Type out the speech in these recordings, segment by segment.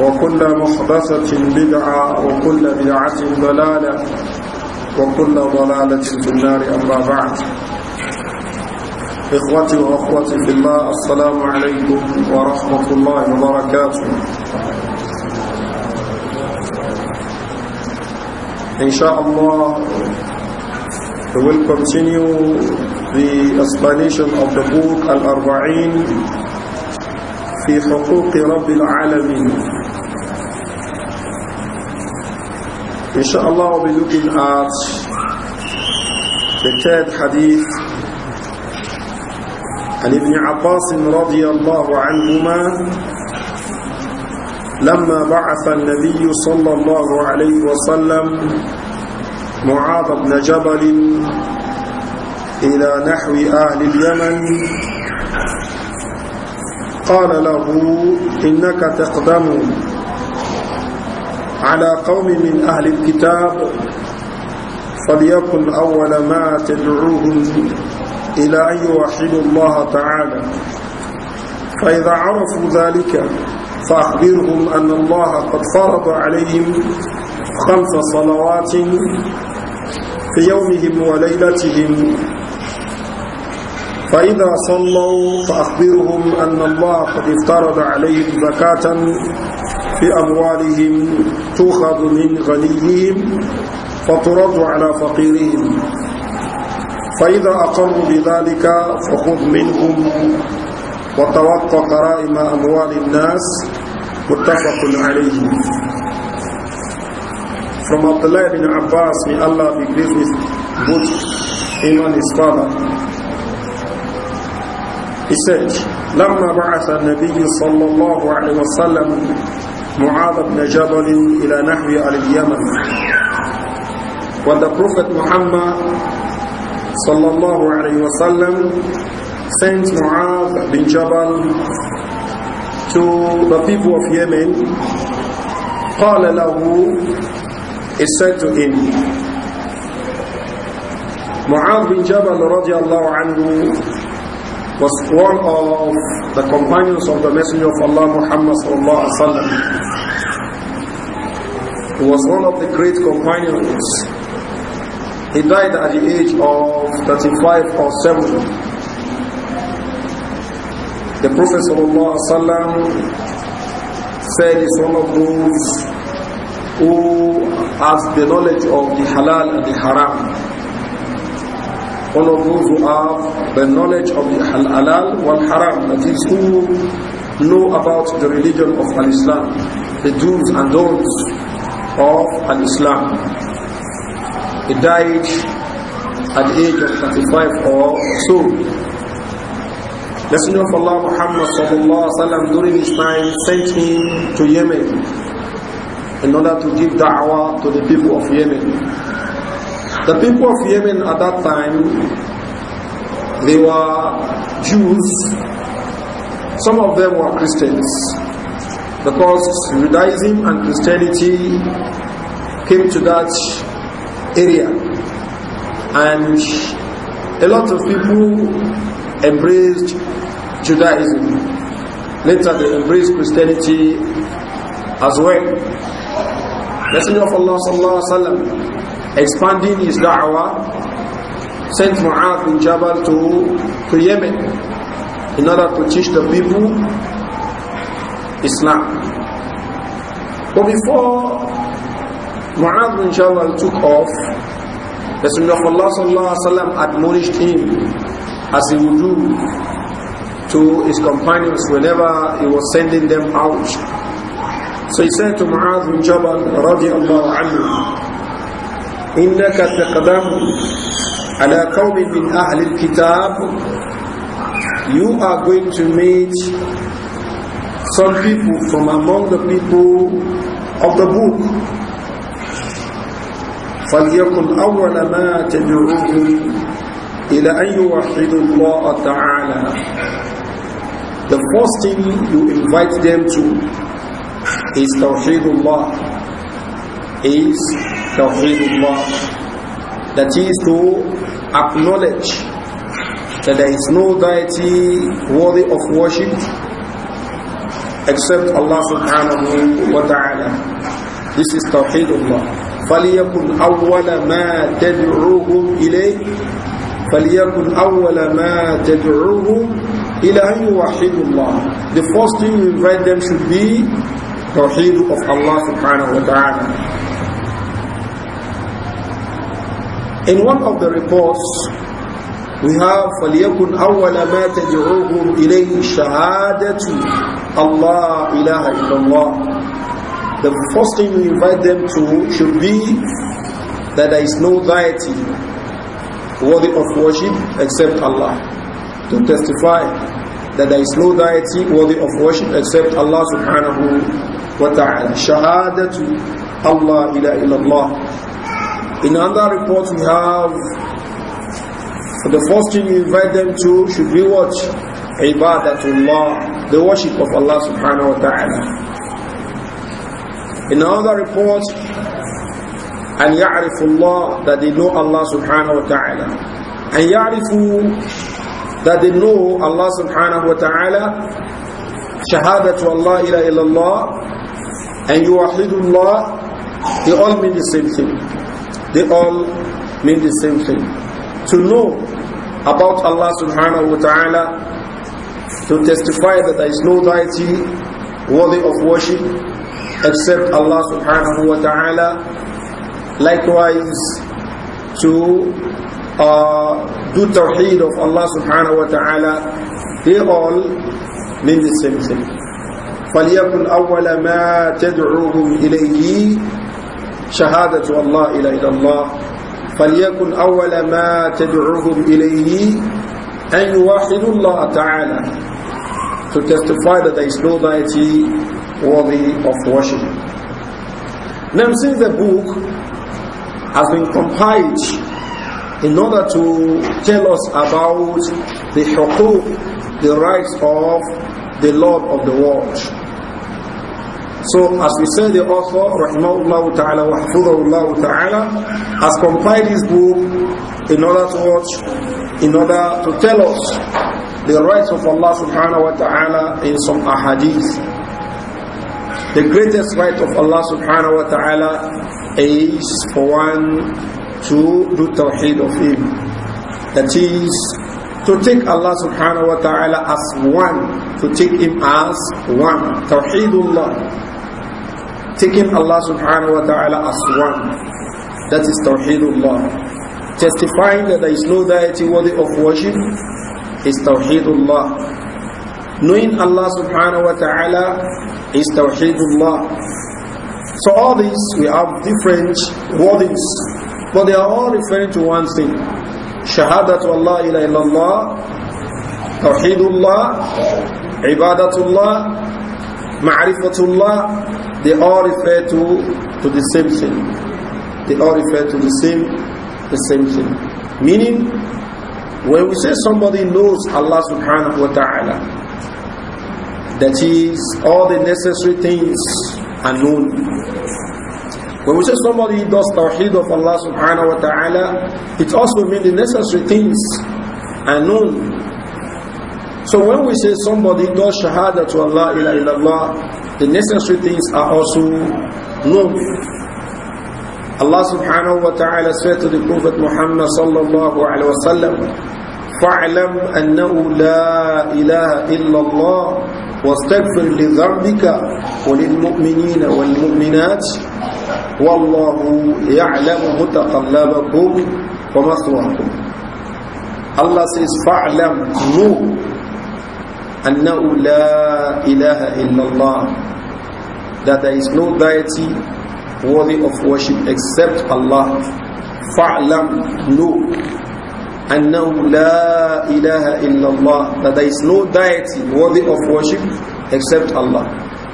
وكل محدثة بدعة وكل بدعة ضلالة وكل ضلالة في النار أما بعد إخوتي وأخوتي في الله السلام عليكم ورحمة الله وبركاته إن شاء الله we will continue the explanation of the book Al-Arba'in في حقوق رب العالمين إن we'll be looking at the third hadith. عن ابن عباس رضي الله عنهما لما بعث النبي صلى الله عليه وسلم معاذ بن جبل إلى نحو أهل اليمن قال له إنك تقدم على قوم من أهل الكتاب فليكن أول ما تدعوهم إلى أن يوحدوا الله تعالى فإذا عرفوا ذلك فأخبرهم أن الله قد فرض عليهم خمس صلوات في يومهم وليلتهم فإذا صلوا فأخبرهم أن الله قد افترض عليهم زكاة في أموالهم تؤخذ من غنيهم فترد على فقيرهم فإذا أقروا بذلك فخذ منهم وتوقع كرائم أموال الناس متفق عليه From Abdullah bin Abbas, may Allah be pleased with both him and his father. He said, لما بعث النبي صلى الله عليه وسلم معاذ ibn جبل الى nahwi al-Yaman. When the Prophet Muhammad sallallahu alayhi wa sallam sent Mu'adh bin Jabal to the people of Yemen, قال له, he said to him, بن bin Jabal radiallahu anhu was one of the companions of the Messenger of Allah Muhammad sallallahu alaihi wasallam. He was one of the great companions. He died at the age of 35 or 7. The Prophet sallallahu alaihi wasallam said is one of those who has the knowledge of the halal and the haram all of those who have the knowledge of the halal wal haram, that is, who know about the religion of Al Islam, the do's and don'ts of Al Islam. He died at the age of 35 or so. Messenger of Allah Muhammad sallam, during his time sent him to Yemen in order to give da'wah to the people of Yemen. The people of Yemen at that time, they were Jews. Some of them were Christians. Because Judaism and Christianity came to that area. And a lot of people embraced Judaism. Later they embraced Christianity as well. Messenger of Allah sallallahu alaihi wasallam expanding his da'wah, sent Mu'adh bin Jabal to, to Yemen in order to teach the people Islam. But before Mu'adh bin Jabal took off, the Messenger of Allah sallallahu alayhi wa admonished him as he would do to his companions whenever he was sending them out. So he said to Mu'adh bin Jabal radiallahu anhu, إنك تقدم على قوم من أهل الكتاب you are going to meet some people from among the people of the book فليكن أول ما تدعوهم إلى أن يُوَحِّدُ الله تعالى The first thing you invite them to is Tawheedullah, is Tawheedullah. That is to acknowledge that there is no deity worthy of worship except Allah subhanahu wa ta'ala. This is Tawheedullah. فليكن أول ما تدعوهم إليه فليكن أول ما تدعوهم إلى أن الله The first thing you invite them should be توحيد of Allah subhanahu wa ta'ala In one of the reports, we have فَلْيَكُنْ أَوَّلَ مَا تَدْعُوهُمْ إِلَيْهِ شَهَادَةُ اللَّهِ إِلَهَ إِلَّا اللَّهِ The first thing we invite them to should be that there is no deity worthy of worship except Allah. To testify that there is no deity worthy of worship except Allah subhanahu wa ta'ala. اللَّهِ Allah إِلَّا اللَّهُ. In another report we have the first thing you invite them to should be what? Ibadatullah, the worship of Allah subhanahu wa ta'ala. In another report, and ya'rifullah, that they know Allah subhanahu wa ta'ala. And ya'rifu, that they know Allah subhanahu wa ta'ala. Shahadatu Allah ila illallah. And yuwahidullah, they all mean the same thing. They all mean the same thing. To know about Allah subhanahu wa ta'ala, to testify that there is no deity worthy of worship except Allah subhanahu wa ta'ala. Likewise, to uh, do tawheed of Allah subhanahu wa ta'ala, they all mean the same thing. فَلْيَكُنْ أَوَّلَ مَا تَدْعُوهُمْ إِلَيْهِ شهادة الله فليكن أول ما تدعوهم إليه أن يوحدوا الله تعالى to testify that there is no deity worthy of worship. Now, since the book has been compiled in order to tell us about the huquq, the rights of the Lord of the world, so as we said, the author, rahimahullah ta'ala wa hafidhahullah ta'ala, has compiled his book in order to watch, in order to tell us the rights of Allah subhanahu wa ta'ala in some ahadith. The greatest right of Allah subhanahu wa ta'ala is for one to do tawheed of Him. That is, to take Allah subhanahu wa ta'ala as one, to take Him as one. Tawheedullah taking Allah subhanahu wa ta'ala as one. That is Tawheedullah. Testifying that there is no deity worthy of worship is Tawheedullah. Knowing Allah subhanahu wa ta'ala is Tawheedullah. So all these, we have different wordings, but they are all referring to one thing. Shahadatu Allah ila illallah, Tawheedullah, Ibadatullah, Ma'rifatullah, they all refer to, to the same thing. They all refer to the same, the same thing. Meaning, when we say somebody knows Allah subhanahu wa ta'ala, that is, all the necessary things are known. When we say somebody does tawheed of Allah subhanahu wa ta'ala, it also means the necessary things are known so when we say somebody does shahada to Allah ila illallah, the necessary things are also known. Allah subhanahu wa ta'ala said to the Prophet Muhammad sallallahu alayhi wa sallam, فَاعْلَمْ أَنَّهُ لَا إِلَهَ إِلَّا اللَّهِ وَاسْتَغْفِرْ لِذَنْبِكَ وَلِلْمُؤْمِنِينَ وَالْمُؤْمِنَاتِ وَاللَّهُ يَعْلَمُ مُتَقَلَّبَكُمْ وَمَثْوَاكُمْ Allah says, فَاعْلَمْ Know أنه لا إله إلا الله that there is no deity worthy of worship except Allah fa'lam no أنه لا إله إلا الله that there is no deity worthy of worship except Allah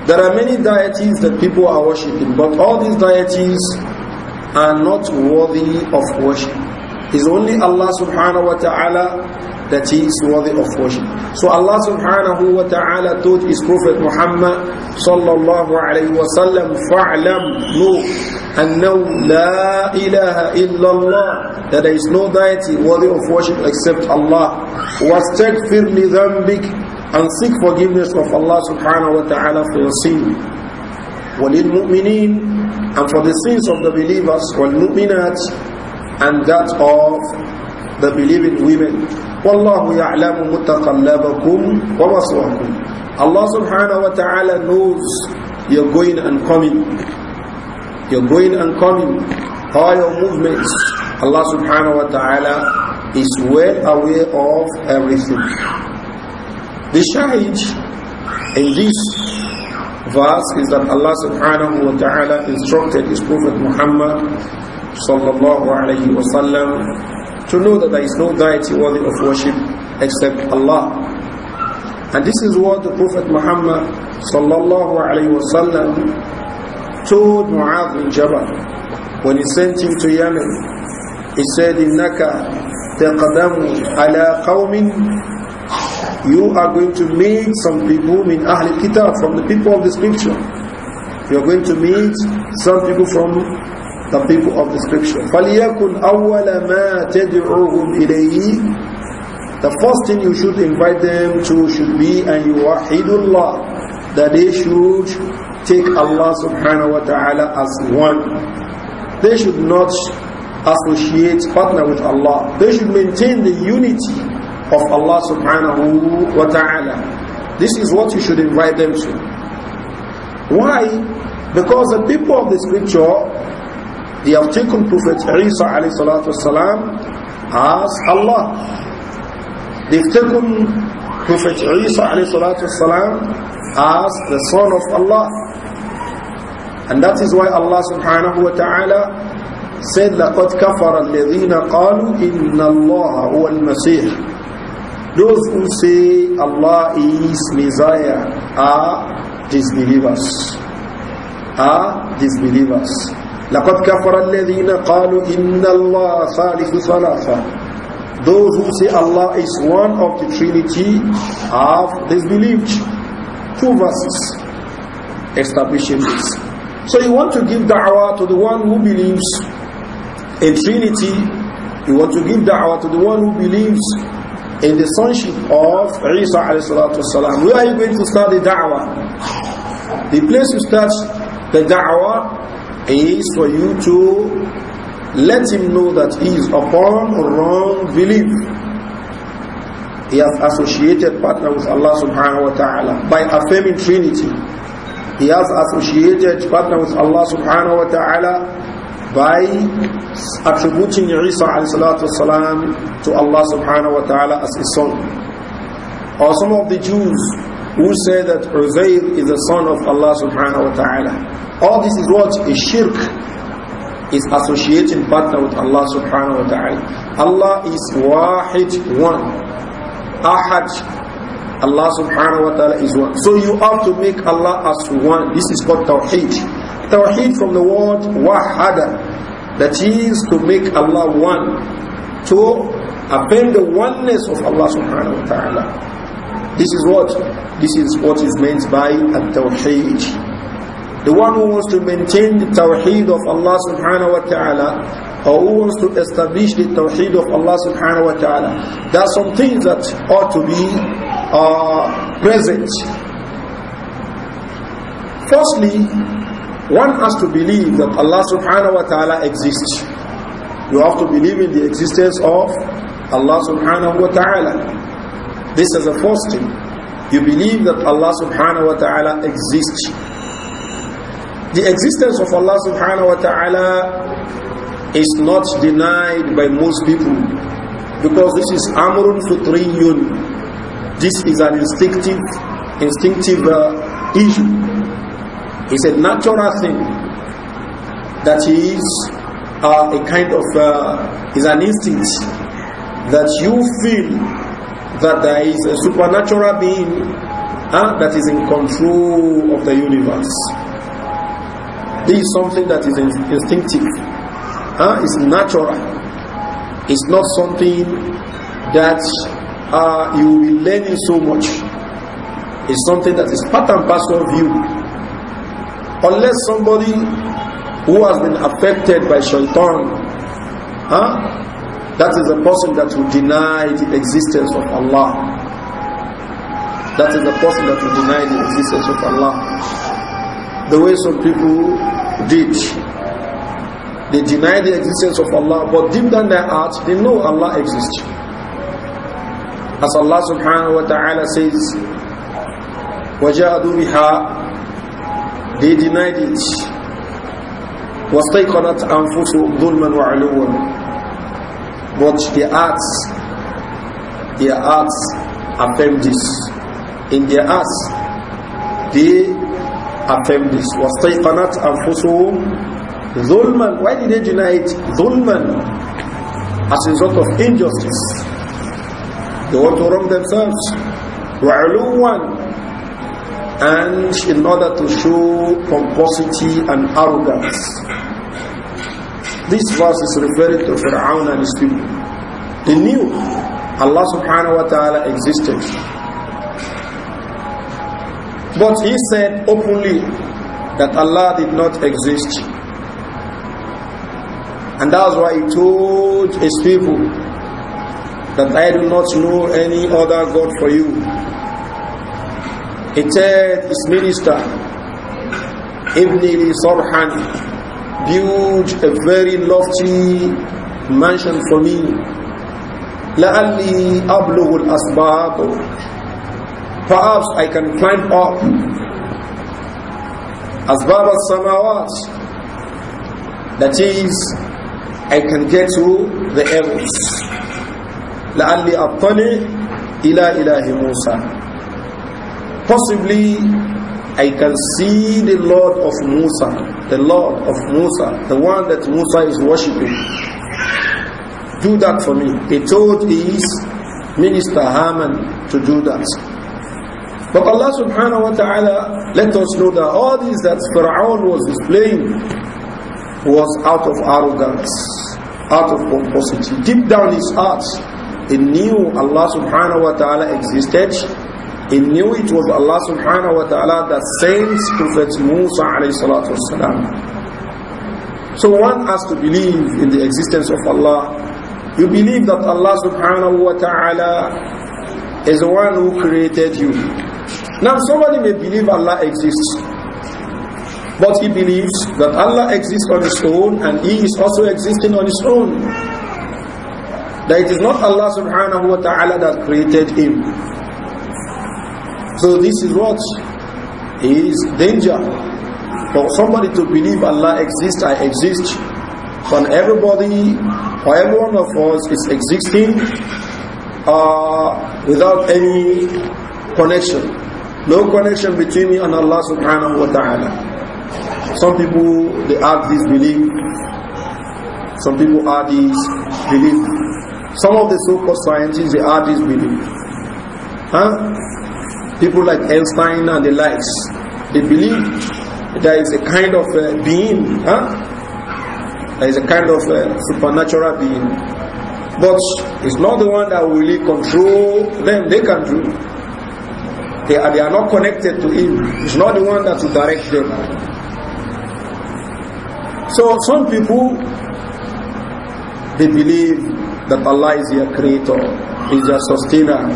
there are many deities that people are worshipping but all these deities are not worthy of worship it's only Allah subhanahu wa ta'ala that he is worthy of worship. So Allah subhanahu wa ta'ala told his Prophet Muhammad sallallahu alayhi wa sallam, فَعْلَمْ know أَنَّهُ لَا إِلَهَ إِلَّا اللَّهِ That there is no deity worthy of worship except Allah. وَاسْتَكْفِرْ لِذَنْبِكَ and seek forgiveness of Allah subhanahu wa ta'ala for your sin. وَلِلْمُؤْمِنِينَ And for the sins of the believers, وَالْمُؤْمِنَاتِ And that of the believing women. وَاللَّهُ يَعْلَمُ مُتَقَلَّبَكُمْ وَمَصْوَهُمْ اللَّهُ سُبْحَانَهُ وَتَعَالَى نُوزُ يَجْوِينَكُمْ يَجْوِينَكُمْ هَوْيَ مُوْضِعِينَ اللَّهُ سُبْحَانَهُ وَتَعَالَى i s w e l l a w a y wa maswakum. Allah subhanahu wa ta'ala knows your going and coming. Your going and coming. All your movements. Allah subhanahu wa ta'ala is well aware of everything. The shahid in this verse is that Allah subhanahu wa ta'ala instructed his Prophet Muhammad sallallahu alayhi wa sallam to know that there is no deity worthy of worship except Allah. And this is what the Prophet Muhammad sallallahu alayhi wasallam told Mu'adh bin Jabal when he sent him to Yemen. He said, "Innaka taqdamu ala kawmin, you are going to meet some people in Ahl Kitab from the people of the scripture. You are going to meet some people from the people of the scripture. فَلْيَكُنْ أَوَّلَ مَا تَدْعُوهُمْ إِلَيْهِ The first thing you should invite them to should be أَنْ يُوَحِدُ اللَّهِ That they should take Allah subhanahu wa ta'ala as one. They should not associate, partner with Allah. They should maintain the unity of Allah subhanahu wa ta'ala. This is what you should invite them to. Why? Because the people of the scripture, they have taken Prophet Isa والسلام, as Allah. They've taken Prophet Isa والسلام, as the son of Allah. And that is why Allah subhanahu wa ta'ala said, لَقَدْ كَفَرَ الَّذِينَ قَالُوا إِنَّ اللَّهَ هُوَ الْمَسِيحِ Those who say Allah is Messiah are disbelievers. Are disbelievers. لَقَدْ كَفَرَ الَّذِينَ قَالُوا إِنَّ اللَّهَ ثَالِثُ Those who say Allah is one of the Trinity have disbelieved. Two verses establishing this. So you want to give da'wah to the one who believes in Trinity. You want to give da'wah to the one who believes in the sonship of Isa alayhi salatu salam? Where are you going to start the da'wah? The place you start the da'wah is for you to let him know that he is upon wrong belief. He has associated partner with Allah subhanahu wa ta'ala by affirming Trinity. He has associated partner with Allah subhanahu wa ta'ala by attributing Isa Salam to Allah subhanahu wa ta'ala as his son. Or some of the Jews who say that Uzair is the son of Allah subhanahu wa ta'ala. All this is what? A shirk is associating partner with Allah subhanahu wa ta'ala. Allah is wahid, one. Ahad, Allah subhanahu wa ta'ala is one. So you have to make Allah as one. This is called tawheed. Tawheed from the word wahada. That is to make Allah one. To affirm the oneness of Allah subhanahu wa ta'ala. This is what? This is what is meant by at-tawheed. The one who wants to maintain the tawheed of Allah subhanahu wa ta'ala or who wants to establish the tawheed of Allah subhanahu wa ta'ala. There are some things that ought to be uh, present. Firstly, one has to believe that Allah subhanahu wa ta'ala exists. You have to believe in the existence of Allah subhanahu wa ta'ala. This is the first thing. You believe that Allah subhanahu wa ta'ala exists. The existence of Allah subhanahu wa ta'ala is not denied by most people because this is amrun sutriyun. This is an instinctive instinctive uh, issue. It's a natural thing that is uh, a kind of uh, is an instinct that you feel that there is a supernatural being uh, that is in control of the universe. This is something that is instinctive. Huh? It's natural. It's not something that uh, you will be learning so much. It's something that is part and parcel of you. Unless somebody who has been affected by shaitan, huh? that is a person that will deny the existence of Allah. That is a person that will deny the existence of Allah the way some people did. They deny the existence of Allah, but deep down their hearts, they know Allah exists. As Allah subhanahu wa ta'ala says, وَجَاءَدُوا They denied it. وَاسْتَيْقَنَتْ أَنفُسُهُمْ ظُلْمًا وَعُلُوًا But their hearts, their hearts affirm this. In their hearts, they affirm this. وَاسْتَيْقَنَتْ أَنفُسُهُمْ ظُلْمًا Why did they deny it? ظُلْمًا As a result of injustice. They want to wrong themselves. وَعُلُوًّا And in order to show pomposity and arrogance. This verse is referring to Fir'aun and his people. They knew Allah subhanahu wa ta'ala existed. But he said openly that Allah did not exist. And that's why he told his people that I do not know any other God for you. He said his minister, Ibn Ili Sarhan, built a very lofty mansion for me. لعلي أبلغ الأسباب Perhaps I can climb up. as al-samawat. That is, I can get to the heavens. لَعَلِّ أَطَّلِعْ إِلَىٰ إِلَهِ مُوسَى Possibly, I can see the Lord of Musa, the Lord of Musa, the one that Musa is worshipping. Do that for me. He told his minister Haman to do that. But Allah subhanahu wa ta'ala let us know that all this that Pharaoh was displaying was out of arrogance, out of pomposity. Deep down his heart, he knew Allah subhanahu wa ta'ala existed. He knew it was Allah subhanahu wa ta'ala that sent Prophet Musa alayhi salatu wasalam. So one has to believe in the existence of Allah. You believe that Allah subhanahu wa ta'ala is the one who created you. Now somebody may believe Allah exists. But he believes that Allah exists on his own and he is also existing on his own. That it is not Allah subhanahu wa ta'ala that created him. So this is what is danger. For somebody to believe Allah exists, I exist. When everybody, for every one of us is existing uh, without any connection. No connection between me and Allah subhanahu wa ta'ala. Some people, they have this belief. Some people have this belief. Some of the so-called scientists, they have this belief. Huh? People like Einstein and the likes, they believe there is a kind of uh, being, huh? There is a kind of uh, supernatural being. But it's not the one that will really control them. They can do they are, they are not connected to him. He's not the one that will direct them. So some people, they believe that Allah is their creator, is their sustainer,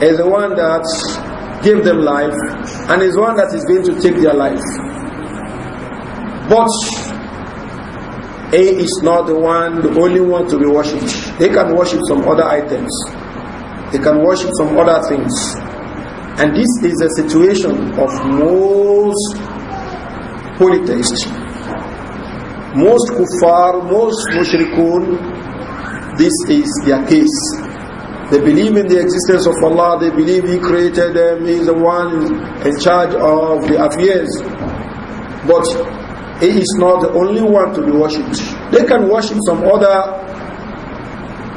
is the one that gave them life, and is one that is going to take their life. But A is not the one, the only one to be worshipped. They can worship some other items. They can worship some other things. And this is the situation of most polytheists. Most kuffar, most mushrikun, this is their case. They believe in the existence of Allah, they believe He created them, He is the one in charge of the affairs. But He is not the only one to be worshipped. They can worship some other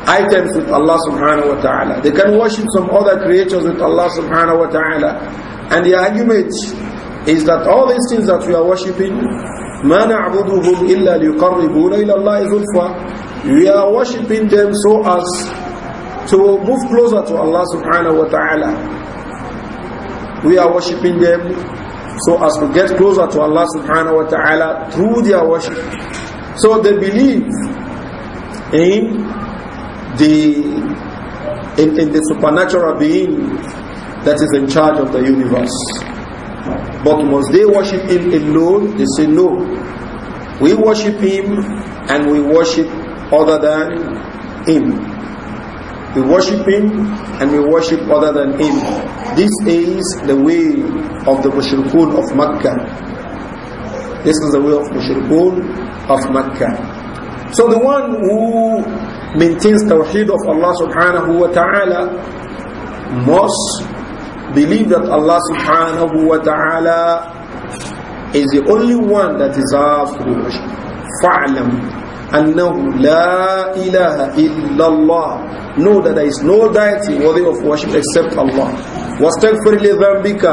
items with Allah subhanahu wa ta'ala. They can worship some other creatures with Allah subhanahu wa ta'ala. And the argument is that all these things that we are worshipping, مَا نَعْبُدُهُمْ إِلَّا لِيُقَرِّبُونَ إِلَى اللَّهِ ذُلْفَى We are worshipping them so as to move closer to Allah subhanahu wa ta'ala. We are worshipping them so as to get closer to Allah subhanahu wa ta'ala through their worship. So they believe in the in, in the supernatural being that is in charge of the universe. But must they worship him alone? They say no. We worship him and we worship other than him. We worship him and we worship other than him. This is the way of the Mushrikun of Makkah. This is the way of Mushrikun of Makkah. So the one who maintains Tawheed of Allah subhanahu wa ta'ala must believe that Allah subhanahu wa ta'ala is the only one that deserves to be worshipped. فَعْلَمْ أَنَّهُ لَا إِلَهَ إِلَّا اللَّهِ Know that there is no deity worthy of worship except Allah. وَاسْتَغْفِرْ لِذَنْبِكَ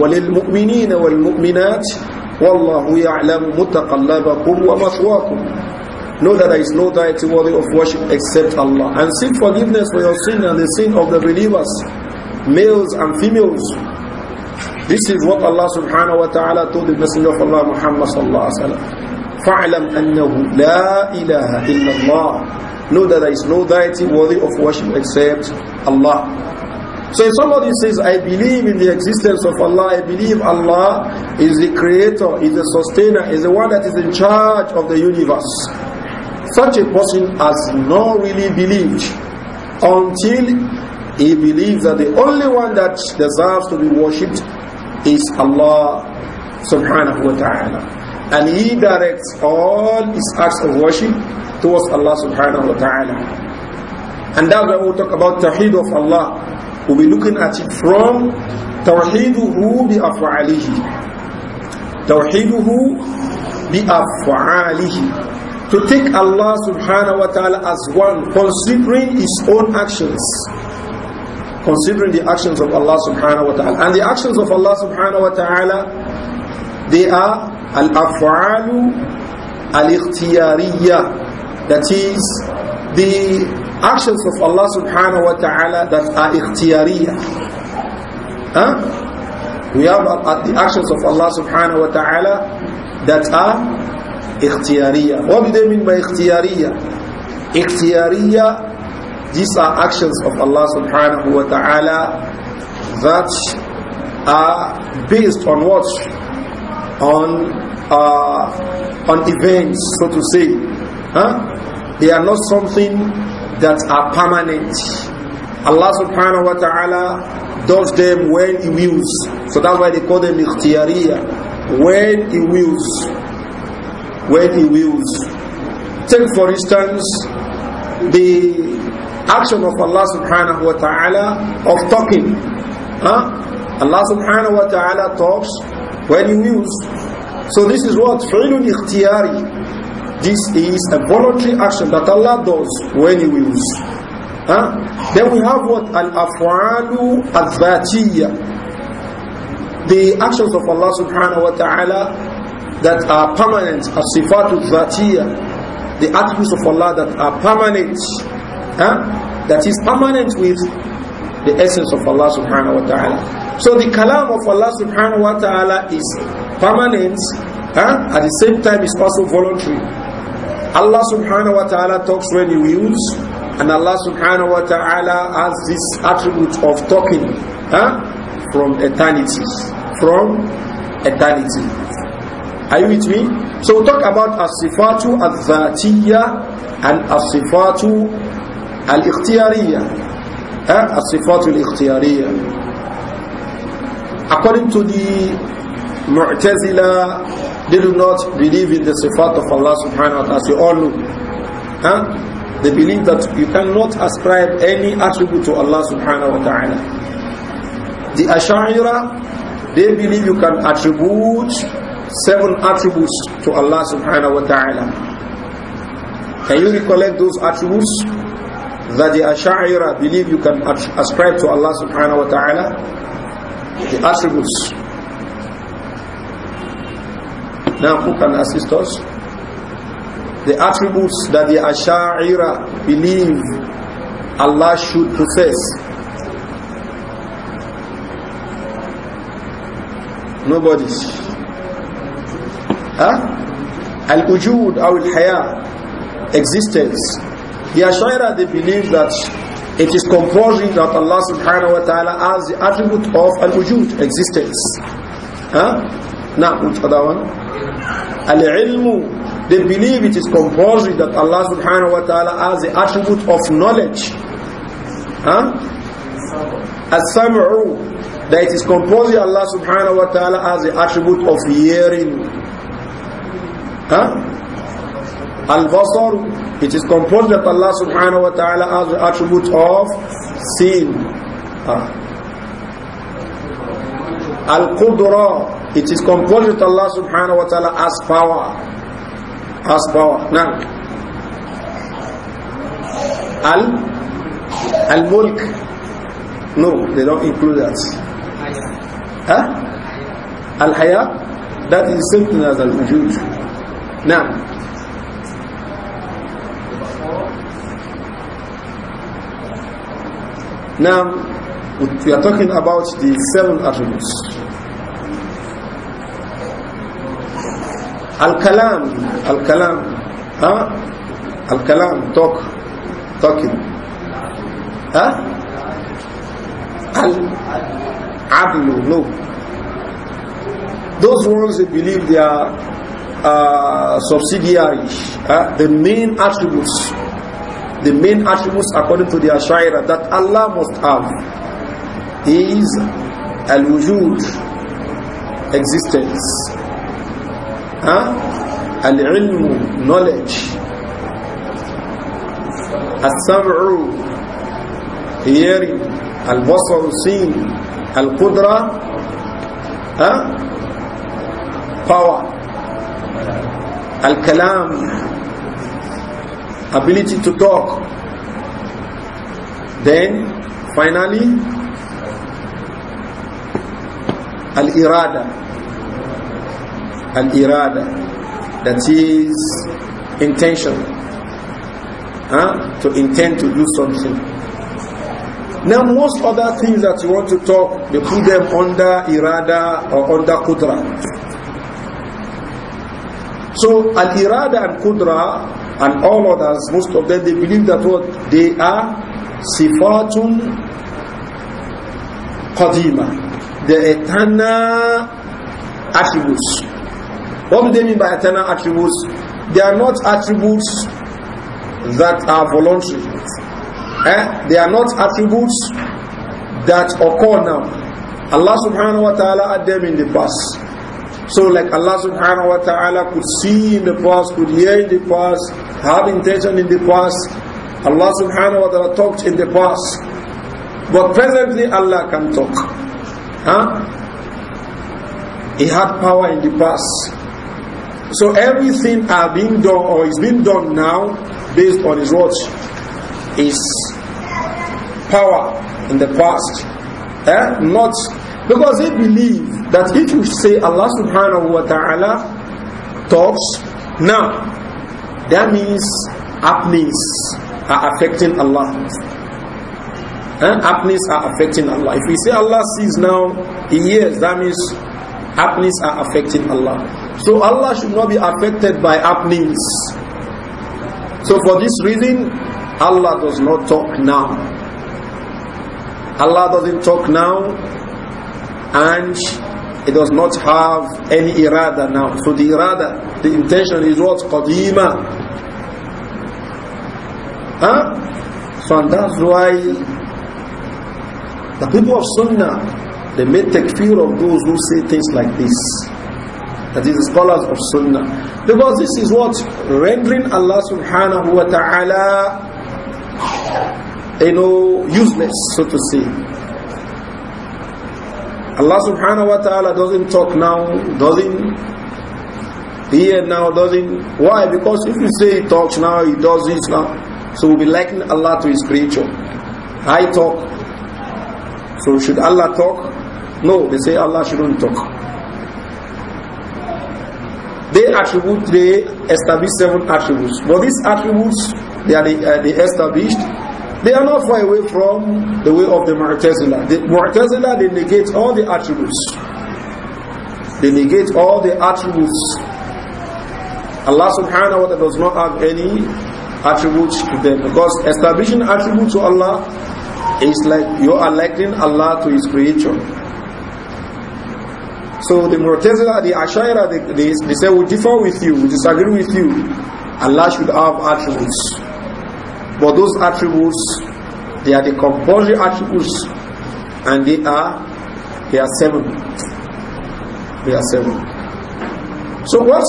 وَلِلْمُؤْمِنِينَ وَالْمُؤْمِنَاتِ وَاللَّهُ يَعْلَمُ مُتَقَلَّبَكُمْ وَمَثْوَاكُمْ Know that there is no deity worthy of worship except Allah. And seek forgiveness for your sin and the sin of the believers, males and females. This is what Allah subhanahu wa ta'ala told the Messenger of Allah Muhammad sallallahu alayhi wa sallam. فَعْلَمْ أَنَّهُ لَا إِلَهَ إِلَّا اللَّهِ Know that there is no deity worthy of worship except Allah. So if somebody says, I believe in the existence of Allah, I believe Allah is the creator, is the sustainer, is the one that is in charge of the universe. Such a person has not really believed until he believes that the only one that deserves to be worshipped is Allah subhanahu wa ta'ala. And he directs all his acts of worship towards Allah subhanahu wa ta'ala. And that's why we'll talk about Tawheed of Allah. We'll be looking at it from Tawheeduhu bi af'alihi. Tawheeduhu bi af'alihi to take Allah subhanahu wa ta'ala as one, considering his own actions. Considering the actions of Allah subhanahu wa ta'ala. And the actions of Allah subhanahu wa ta'ala, they are al-af'alu al-ikhtiyariya. That is, the actions of Allah subhanahu wa ta'ala that are ikhtiyariya. Huh? We have uh, the actions of Allah subhanahu wa ta'ala that are ikhtiyariya. What do they mean by ikhtiyariya? Ikhtiyariya, these are actions of Allah subhanahu wa ta'ala that are based on what? On, uh, on events, so to say. Huh? They are not something that are permanent. Allah subhanahu wa ta'ala does them when He wills. So that's why they call them ikhtiyariya. When He wills when he wills. Take for instance the action of Allah subhanahu wa ta'ala of talking. Huh? Allah subhanahu wa ta'ala talks when he wills. So this is what فعل ikhtiyari. This is a voluntary action that Allah does when he wills. Huh? Then we have what al-afwalu al-dhatiyya. The actions of Allah subhanahu wa ta'ala that are permanent, as sifatul dhatiyya, the attributes of Allah that are permanent, huh? that is permanent with the essence of Allah subhanahu wa ta'ala. So the kalam of Allah subhanahu wa ta'ala is permanent, huh? at the same time it's also voluntary. Allah subhanahu wa ta'ala talks when he wills, and Allah subhanahu wa ta'ala has this attribute of talking huh? from eternity, from eternity. Are you with me? So we talk about as-sifatu al-dhatiyya and as-sifatu al-ikhtiyariyya. Eh? As-sifatu al-ikhtiyariyya. According to the Mu'tazila, they do not believe in the sifat of Allah subhanahu wa ta'ala, as you all know. Eh? They believe that you cannot ascribe any attribute to Allah subhanahu wa ta'ala. The Ash'ira, they believe you can attribute seven attributes to Allah subhanahu wa ta'ala. Can you recollect those attributes that the Asha'ira believe you can ascribe to Allah subhanahu wa ta'ala? The attributes. Now who can assist us? The attributes that the Asha'ira believe Allah should possess. Nobody. Al-Ujud or Al-Haya, existence. The Ashaira, they believe that it is compulsory that Allah subhanahu wa ta'ala has the attribute of al ujud existence. Now, which other one? Al-Ilmu, they believe it is compulsory that Allah subhanahu wa ta'ala has the attribute of knowledge. Huh? As-sam'u, that it is compulsory Allah subhanahu wa ta'ala has the attribute of hearing. Huh? Al-Basar, it is composed of Allah subhanahu wa ta'ala as the attribute of seeing. Huh? Al-Qudra, it is composed of Allah subhanahu wa ta'ala as power. as power. Now, Al- Al-Mulk. No, they don't include that. Huh? Al-Haya, that is something as Al-Wujud. نعم Now, we are talking about the seven attributes. Al-Kalam, Al-Kalam, huh? Al-Kalam, talk, talking. Huh? Al-Ablu, no. Those ones they believe they are uh, subsidiary, uh, the main attributes, the main attributes according to the Ashaira that Allah must have is al-wujud, existence, huh? al-ilm, knowledge, al-sam'u, hearing, al-basaru, seeing, al-qudra, power al-kalam, ability to talk. Then, finally, al-irada, al-irada, that is intention, huh? to intend to do something. Now, most other things that you want to talk, you put them under irada or under kudra. So atirada irada and kudra and all others, most of them, they believe that what they are sifatun qadima, the eternal attributes. What do they mean by eternal attributes? They are not attributes that are voluntary. Eh? They are not attributes that occur now. Allah subhanahu wa ta'ala had them in the past. So like Allah subhanahu wa ta'ala could see in the past, could hear in the past, have intention in the past. Allah subhanahu wa ta'ala talked in the past. But presently Allah can talk. Huh? He had power in the past. So everything are being done or is being done now based on his words. is power in the past. Eh? Not because they believe that if you say Allah subhanahu wa ta'ala talks, now that means apneas are affecting Allah. Eh? Apneas are affecting Allah. If we say Allah sees now, He hears, that means apneas are affecting Allah. So Allah should not be affected by apneas. So for this reason, Allah does not talk now. Allah doesn't talk now and it does not have any irada now. So the irada, the intention is what? Qadima. Huh? So and that's why the people of Sunnah, they take takfir of those who say things like this. That is the scholars of Sunnah. Because this is what? Rendering Allah subhanahu wa ta'ala, you know, useless, so to say. Allah subhanahu wa ta'ala doesn't talk now, doesn't hear now, doesn't. Why? Because if you say he talks now, he does this now. So we'll be Allah to his creature. I talk. So should Allah talk? No, they say Allah shouldn't talk. They attribute, they establish seven attributes. But these attributes, they are the, uh, they established they are not far away from the way of the Mu'tazila. The Mu'tazila, they negate all the attributes. They negate all the attributes. Allah subhanahu wa ta'ala does not have any attributes to them. Because establishing attributes to Allah is like you are likening Allah to His creation. So the Mu'tazila, the Ashaira, they, they, they say, we differ with you, we disagree with you. Allah should have attributes. But those attributes, they are the compulsory attributes, and they are they are seven. They are seven. So what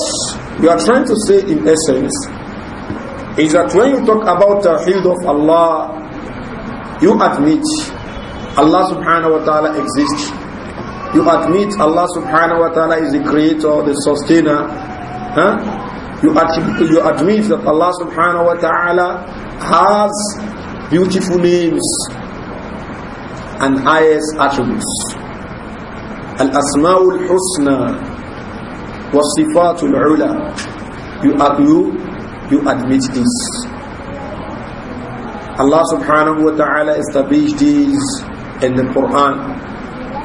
you are trying to say in essence is that when you talk about the Tawheed of Allah, you admit Allah subhanahu wa ta'ala exists. You admit Allah subhanahu wa ta'ala is the creator, the sustainer. Huh? You, ad you admit that Allah subhanahu wa ta'ala has beautiful names and highest attributes. Al-Asma'ul Husna wa Sifatul Ula. You, you, you admit this. Allah subhanahu wa ta'ala established this in the Quran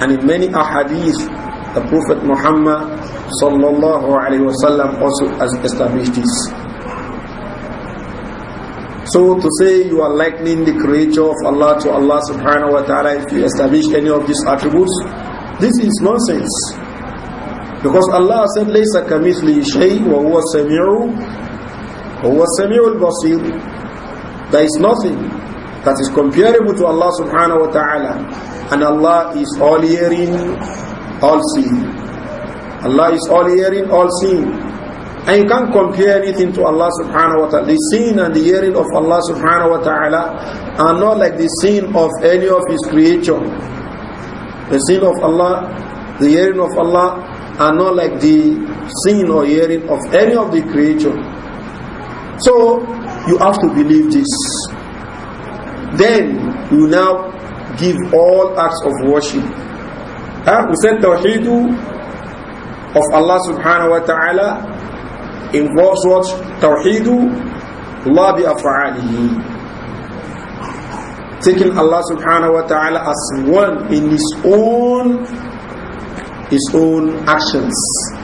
and in many ahadith the Prophet Muhammad sallallahu alayhi wa sallam also has established this. So to say you are likening the creator of Allah to Allah subhanahu wa ta'ala if you establish any of these attributes, this is nonsense. Because Allah said, لَيْسَ كَمِثْلِهِ شَيْءٍ وَهُوَ السَّمِيعُ وَهُوَ السَّمِيعُ الْبَصِيرُ There is nothing that is comparable to Allah subhanahu wa ta'ala. And Allah is all-hearing, all-seeing. Allah is all-hearing, all-seeing. And you can't compare anything to Allah subhanahu wa ta'ala. The seeing and the hearing of Allah subhanahu wa ta'ala are not like the seeing of any of His creature. The seeing of Allah, the hearing of Allah are not like the seeing or hearing of any of the creature. So, you have to believe this. Then, you now give all acts of worship. Huh? We said Tawheedu of Allah subhanahu wa ta'ala involves what? Tawheedu Allah bi af'alihi. Taking Allah subhanahu wa ta'ala as one in his own his own actions.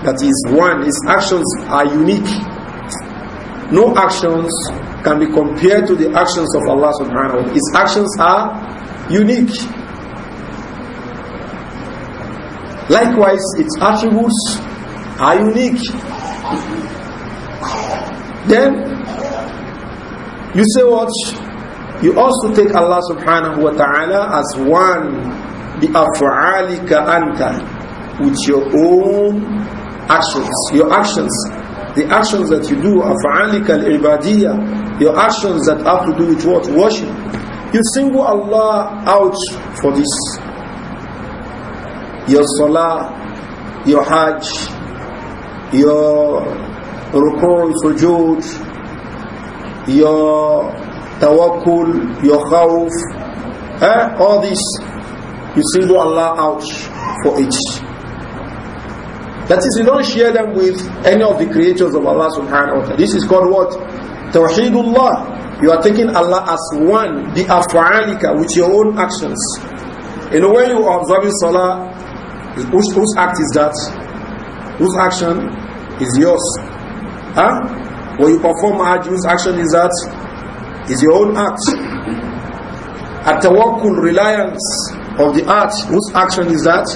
That is one. His actions are unique. No actions can be compared to the actions of Allah subhanahu wa ta'ala. His actions are unique. Likewise, its attributes are unique. Then you say what? You also take Allah subhanahu wa ta'ala as one the af'alika anta with your own actions. Your actions. The actions that you do, af'alika al-ibadiyya. Your actions that have to do with what? Worship. You single Allah out for this. Your salah, your hajj, your ruku' sujud, your tawakkul, your khawf, eh? all this, you single Allah out for each. That is, you don't share them with any of the creators of Allah subhanahu wa ta'ala. This is called what? Tawheedullah. You are taking Allah as one, the af'alika, with your own actions. In a way you are observing salah, whose, whose act is that? Whose action is yours? Huh? When you perform Hajj, whose action is that? Is your own act. At tawakkul, reliance of the act, whose action is that?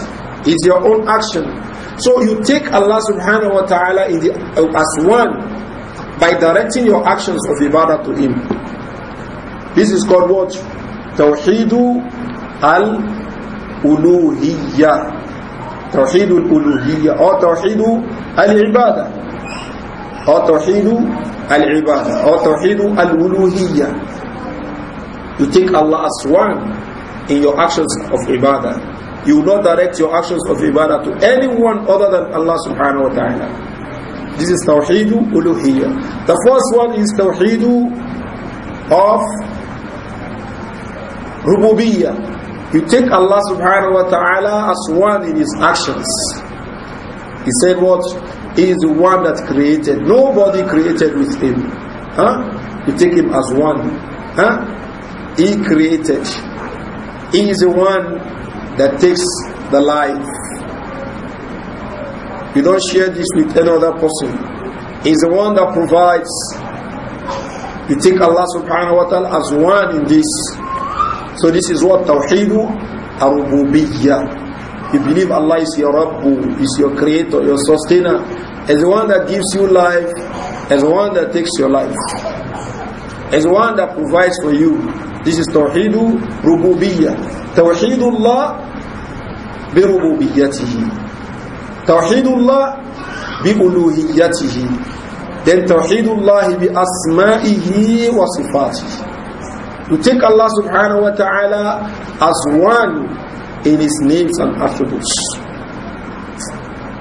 Is your own action. So you take Allah subhanahu wa ta'ala uh, as one by directing your actions of ibadah to Him. This is called what? Tawheedu al-uluhiyya. Tawheedu al-uluhiyya or Tawheedu al-ibadah or tawheedu al-ibadah or tawheedu al-uluhiyyah you take Allah as one in your actions of ibadah you will not direct your actions of ibadah to anyone other than Allah subhanahu wa ta'ala this is tawheedu uluhiyyah the first one is tawheedu of rububiyyah you take Allah subhanahu wa ta'ala as one in his actions he said what he is the one that created. Nobody created with him. Huh? You take him as one. Huh? He created. He is the one that takes the life. You don't share this with any other person. He is the one that provides. You take Allah subhanahu wa ta'ala as one in this. So this is what Tawheedu al-Rububiyyah you believe Allah is your Rabbu, is your creator, your sustainer, is the one that gives you life, is the one that takes your life, is the one that provides for you. This is Tawheedu Rububiyyah. Tawheedullah bi Rububiyyatihi. Tawheedullah bi Uluhiyyatihi. Then Tawheedullah bi Asma'ihi wa Sifatihi. To take Allah subhanahu wa ta'ala as one in His names and attributes.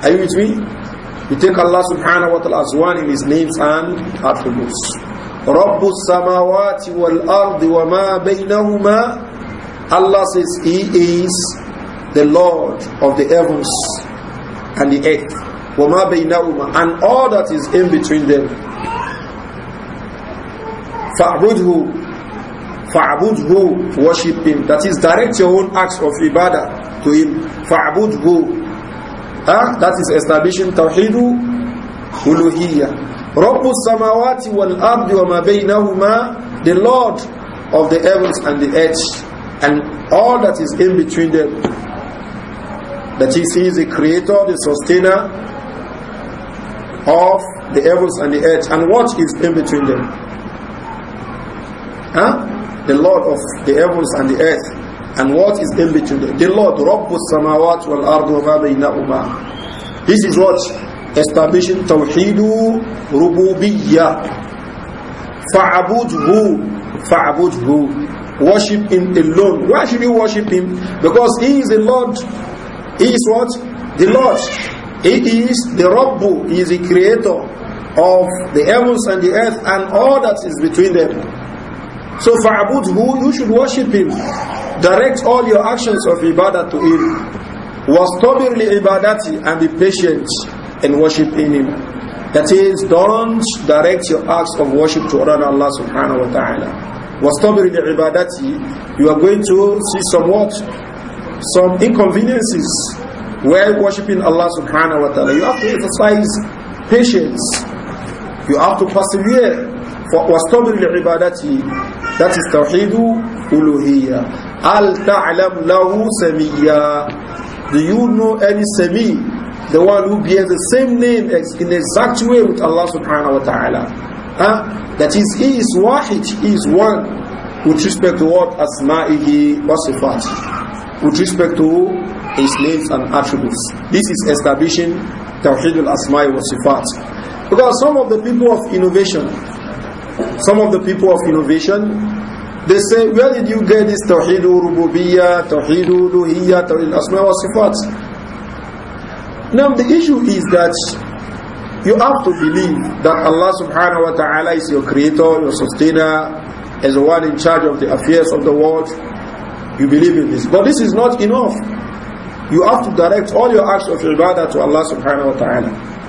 Are you with me? You take Allah subhanahu wa ta'ala as one in His names and attributes. رَبُّ السَّمَاوَاتِ وَالْأَرْضِ وَمَا بَيْنَهُمَا Allah says He is the Lord of the heavens and the earth. وَمَا بَيْنَهُمَا And all that is in between them. فَاعْبُدْهُ فَعْبُدْهُ Worship Him. That is, direct your own acts of ibadah to Him. فَعْبُدْهُ huh? That is establishing Tawheedu Uluhiyya. Rabbu samawati wal ardi wa ma baynahuma The Lord of the heavens and the earth and all that is in between them. That He is the creator, the sustainer of the heavens and the earth and what is in between them. Huh? the Lord of the heavens and the earth, and what is in between them. The Lord, Rabbu samawat wal ardu bainahuma. This is what establishing Tawheedu Rububiyyah. Fa'abudhu, fa'abudhu. Worship Him alone. Why should you worship Him? Because He is the Lord. He is what? The Lord. He is the Rabbu. He is the Creator of the heavens and the earth and all that is between them. So فَعَبُدْهُ You should worship Him. Direct all your actions of ibadah to Him. وَاسْتَبِرْ ibadati And be patient in worshiping Him. That is, don't direct your acts of worship to other than Allah subhanahu wa ta'ala. وَاسْتَبِرْ ibadati. You are going to see somewhat, some inconveniences while worshipping Allah subhanahu wa ta'ala. You have to exercise patience. You have to persevere. وَاسْتَبِرْ ibadati. That is Tawheedu Uluhiyya. Al ta'lam lahu samiyya. Do you know any sami? The one who bears the same name in exact way with Allah subhanahu wa ta'ala. Huh? That is, he is wahid, he is one with respect to what asma'ihi wa With respect to his names and attributes. This is establishing Tawheed al-Asma'i wa Because some of the people of innovation, some of the people of innovation, they say, where did you get this Tawheed Rububiyya, Tawheed Uluhiyya, Tawheed Asma wa Sifat? Now the issue is that you have to believe that Allah subhanahu wa ta'ala is your creator, your sustainer, as the one in charge of the affairs of the world. You believe in this. But this is not enough. You have to direct all your acts of ibadah to Allah subhanahu wa ta'ala.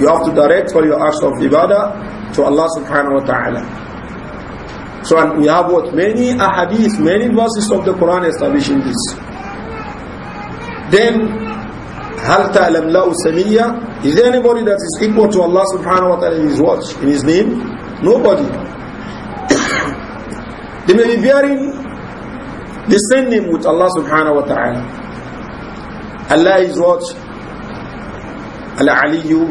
You have to direct all your acts of ibadah to Allah subhanahu wa ta'ala. So and we have what? Many ahadith, many verses of the Quran establishing this. Then, هَلْ تَعْلَمْ لَهُ سَمِيَّةً Is there anybody that is equal to Allah subhanahu wa ta'ala in his watch, in his name? Nobody. they may be bearing the same name with Allah subhanahu wa ta'ala. Allah is what? Al-Aliyu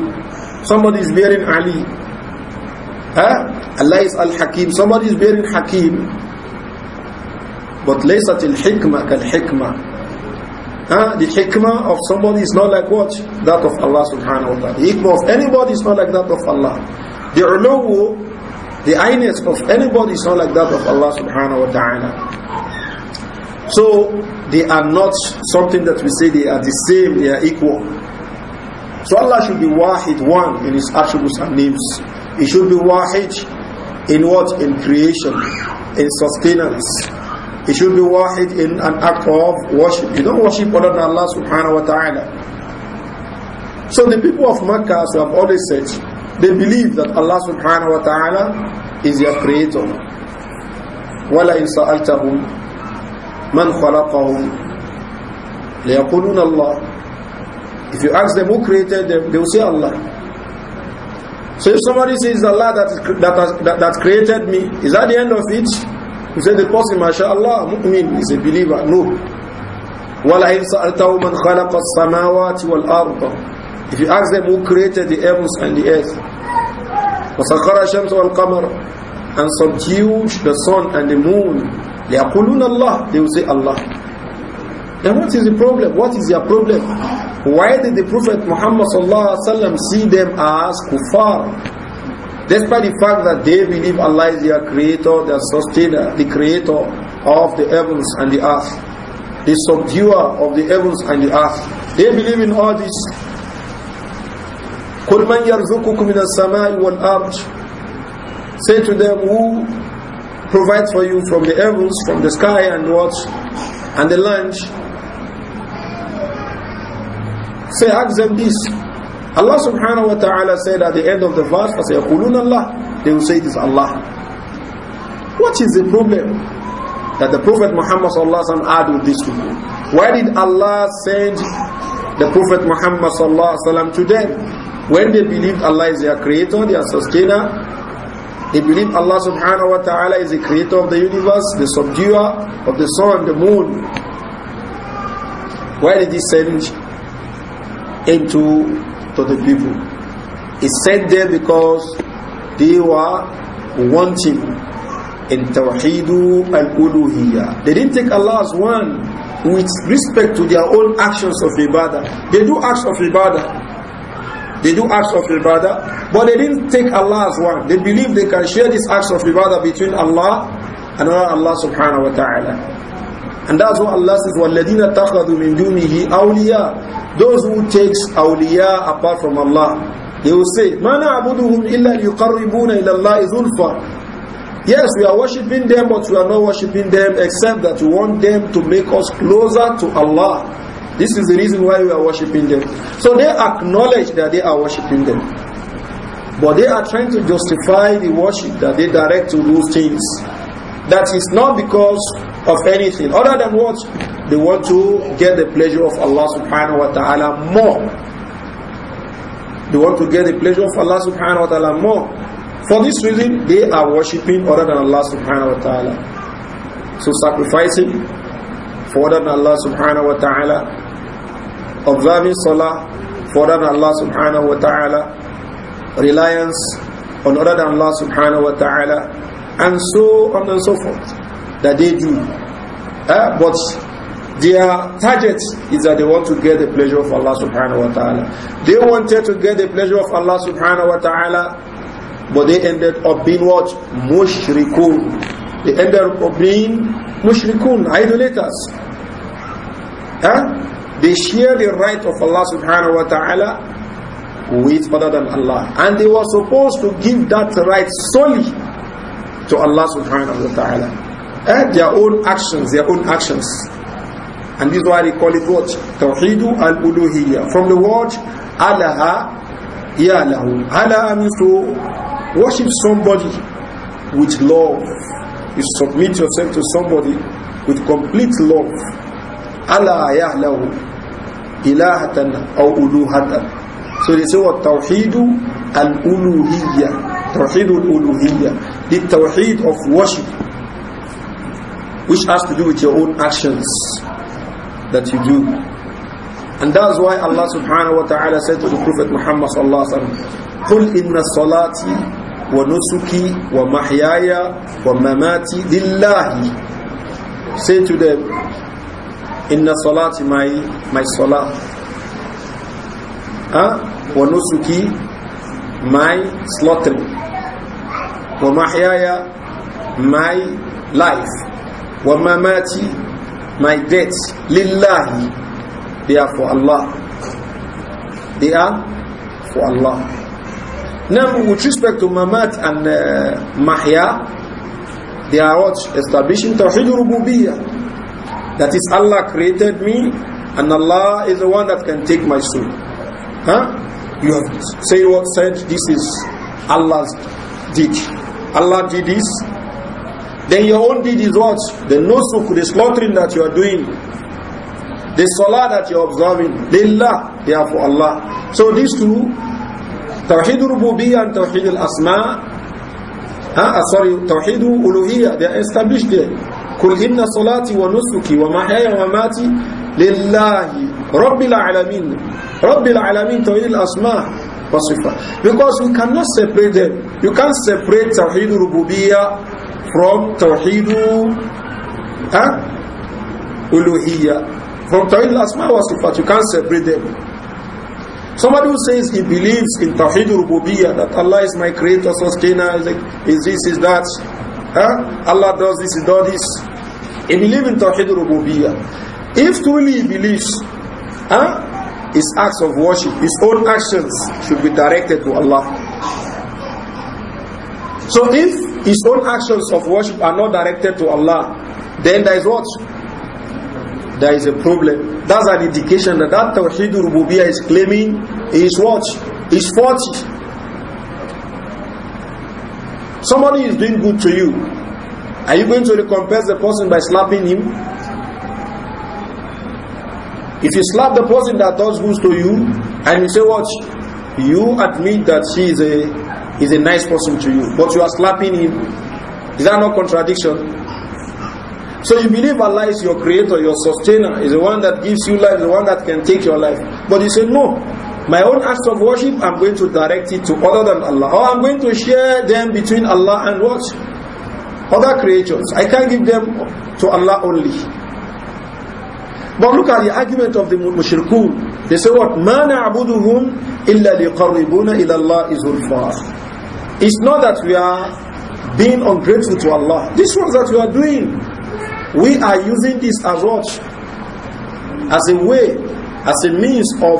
Somebody is bearing Ali. Huh? Allah is Al-Hakim. Somebody is bearing Hakim. But لَيْسَتِ الْحِكْمَةَ كَالْحِكْمَةِ huh? The hikmah of somebody is not like what? That of Allah subhanahu wa ta'ala. The hikmah of anybody is not like that of Allah. The uluwu, the ayness of anybody is not like that of Allah subhanahu wa ta'ala. So, they are not something that we say they are the same, they are equal. So Allah should be wahid, one in His attributes and names. He should be wahid in what? In creation, in sustenance. He should be wahid in an act of worship. You don't worship other than Allah subhanahu wa ta'ala. So the people of Makkah, as we have already said, they believe that Allah subhanahu wa ta'ala is their creator. وَلَئِنْ سَأَلْتَهُمْ مَنْ خَلَقَهُمْ لَيَقُولُونَ اللَّهُ if you ask them who created them, they will say Allah. So if somebody says Allah that, that, has, that, that created me, is that the end of it? You say the person, mashallah, mu'min, is a believer. No. وَلَئِنْ سَأَلْتَهُ مَنْ خَلَقَ السَّمَاوَاتِ وَالْأَرْضَ If you ask them who created the heavens and the earth, shams الشَّمْسَ وَالْقَمَرَ and subdued the sun and the moon, لَيَقُولُونَ اللَّهِ They will say Allah. Then what is the problem? What is their problem? Why did the Prophet Muhammad ﷺ see them as kuffar? Despite the fact that they believe Allah is their creator, their sustainer, the creator of the heavens and the earth, the subduer of the heavens and the earth. They believe in all this. قُلْ مَنْ يَرْزُقُكُمْ مِنَ السَّمَاءِ Say to them, who provides for you from the heavens, from the sky and what? And the land. Say, ask them this. Allah subhanahu wa ta'ala said at the end of the verse, فَسَيَقُولُونَ Allah. They will say, it is Allah. What is the problem that the Prophet Muhammad sallallahu alaihi wasallam had with these people? Why did Allah send the Prophet Muhammad sallallahu alaihi wasallam to them? When they believed Allah is their creator, their sustainer, they believed Allah subhanahu wa ta'ala is the creator of the universe, the subduer of the sun, the moon. Why did he send into to the people. He sent them because they were wanting in Tawheedu al-Uluhiyya. They didn't take Allah as one with respect to their own actions of ibadah. They do acts of ibadah. They do acts of ibadah, but they didn't take Allah as one. They believe they can share these acts of ibadah between Allah and Allah subhanahu wa ta'ala. And that's what Allah says, وَالَّذِينَ اتَّخَذُوا مِن دُونِهِ أَوْلِيَاءَ those who takes awliya apart from Allah, they will say, مَا نَعْبُدُهُمْ إِلَّا لِيُقَرِّبُونَ إِلَى اللَّهِ ذُلْفَى Yes, we are worshipping them, but we are not worshipping them except that we want them to make us closer to Allah. This is the reason why we are worshipping them. So they acknowledge that they are worshipping them. But they are trying to justify the worship that they direct to those things. That is not because of anything other than what? They want to get the pleasure of Allah subhanahu wa ta'ala more. They want to get the pleasure of Allah subhanahu wa ta'ala more. For this reason, they are worshipping other than Allah subhanahu wa ta'ala. So sacrificing for other than Allah subhanahu wa ta'ala. Observing salah for other than Allah subhanahu wa ta'ala. Reliance on other than Allah subhanahu wa ta'ala and so on and so forth that they do. Uh, but their target is that they want to get the pleasure of Allah subhanahu wa ta'ala. They wanted to get the pleasure of Allah subhanahu wa ta'ala, but they ended up being what? Mushrikun. They ended up being mushrikun, idolaters. Eh? They share the right of Allah subhanahu wa ta'ala with other than Allah. And they were supposed to give that right solely to Allah subhanahu wa ta'ala. And their own actions, their own actions. And this is why they call it what? Tawheedu al-uluhiyya. From the word Allah, ya lahu. Alaha means to worship somebody with love. You submit yourself to somebody with complete love. Allah ya lahu. Ilahatan aw uluhatan. So they say what? Tawheedu al-uluhiyya. Tawheedu al-uluhiyya the tawheed of worship, which has to do with your own actions that you do. And that's why Allah subhanahu wa ta'ala said to the Prophet Muhammad sallallahu "Qul wa salati wa nusuki wa وَنُسُكِي wa mamati لِلَّهِ Say to them, "Inna salati my, my salah, huh? nusuki my slaughtering وَمَحْيَايَ My life وَمَمَاتِ My death lillahi They are for Allah They are for Allah now, with respect to Mamat and uh, Mahya, they are what? Establishing Tawheed Rububiyyah. That is, Allah created me and Allah is the one that can take my soul. Huh? You have said what said, this is Allah's deed. Allah did this, then your own deed is what? The nusuk, the slaughtering that you are doing, the salah that you are observing, lillah, they Allah. So these two, Tawheed al-Rububiyyah and Tawheed al-Asma, Ah, sorry, Tawheed al-Uluhiyyah, they are established there. قل wa صلاتي ونسكي ومحياي ومماتي لله رب العالمين alamin العالمين al al-asma. Because we cannot separate them. You can't separate Tawheed Rububiya from Tawheed huh? From Tawheed Asma wa Sifat, you can't separate them. Somebody who says he believes in Tawheed Rububiya, that Allah is my creator, sustainer, is, like, is this, is that. Huh? Allah does this, he does this. He believes in Tawheed Rububiya. If truly he believes, huh? his acts of worship, his own actions should be directed to Allah. So if his own actions of worship are not directed to Allah, then there is what? There is a problem. That's an indication that that Tawheed Rububiyah is claiming is what? Is faulty. Somebody is doing good to you. Are you going to recompense the person by slapping him? If you slap the person that does good to you, and you say what? You admit that she is a, is a nice person to you, but you are slapping him. Is that not contradiction? So you believe Allah is your creator, your sustainer, is the one that gives you life, the one that can take your life. But you say, no, my own acts of worship, I'm going to direct it to other than Allah. Or I'm going to share them between Allah and what? Other creatures. I can't give them to Allah only. But look at the argument of the mushrikun. They say what? مَا نَعْبُدُهُمْ إِلَّا لِقَرِّبُونَ إِلَى اللَّهِ زُلْفَى It's not that we are being ungrateful to Allah. This work that we are doing, we are using this as what? As a way, as a means of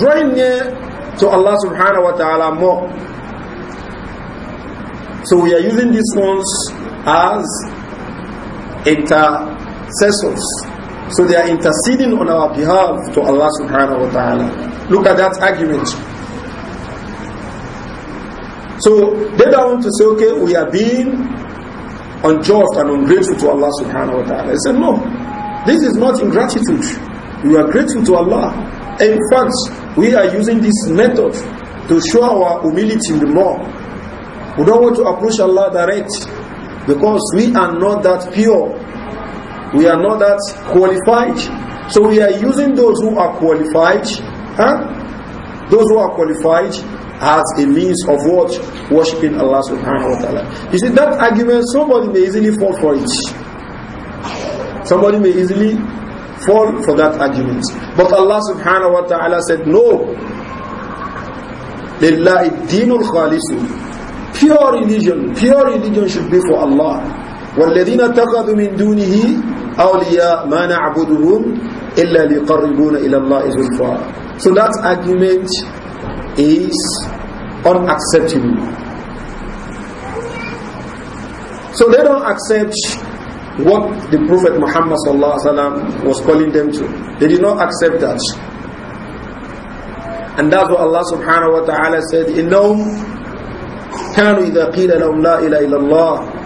drawing near to Allah subhanahu wa ta'ala more. So we are using these ones as intercessors so they are interceding on our behalf to Allah subhanahu wa ta'ala. Look at that argument. So they don't want to say, okay, we are being unjust and ungrateful to Allah subhanahu wa ta'ala. They said, no, this is not ingratitude. We are grateful to Allah. In fact, we are using this method to show our humility the more. We don't want to approach Allah direct because we are not that pure we are not that qualified. So we are using those who are qualified, huh? those who are qualified as a means of what? Worshipping Allah subhanahu wa ta'ala. You see, that argument, somebody may easily fall for it. Somebody may easily fall for that argument. But Allah subhanahu wa ta'ala said, no. لِلَّهِ الدِّينُ الْخَالِصُ Pure religion, pure religion should be for Allah. وَالَّذِينَ تَقَدُ مِن دُونِهِ awliya ma na'buduhum illa liqarribuna ila Allah zulfa. So that argument is unacceptable. So they don't accept what the Prophet Muhammad was calling them to. They did not accept that. And that's what Allah subhanahu wa ta'ala said, إِنَّهُمْ كَانُوا إِذَا قِيلَ لَهُمْ لَا إِلَى إِلَى اللَّهِ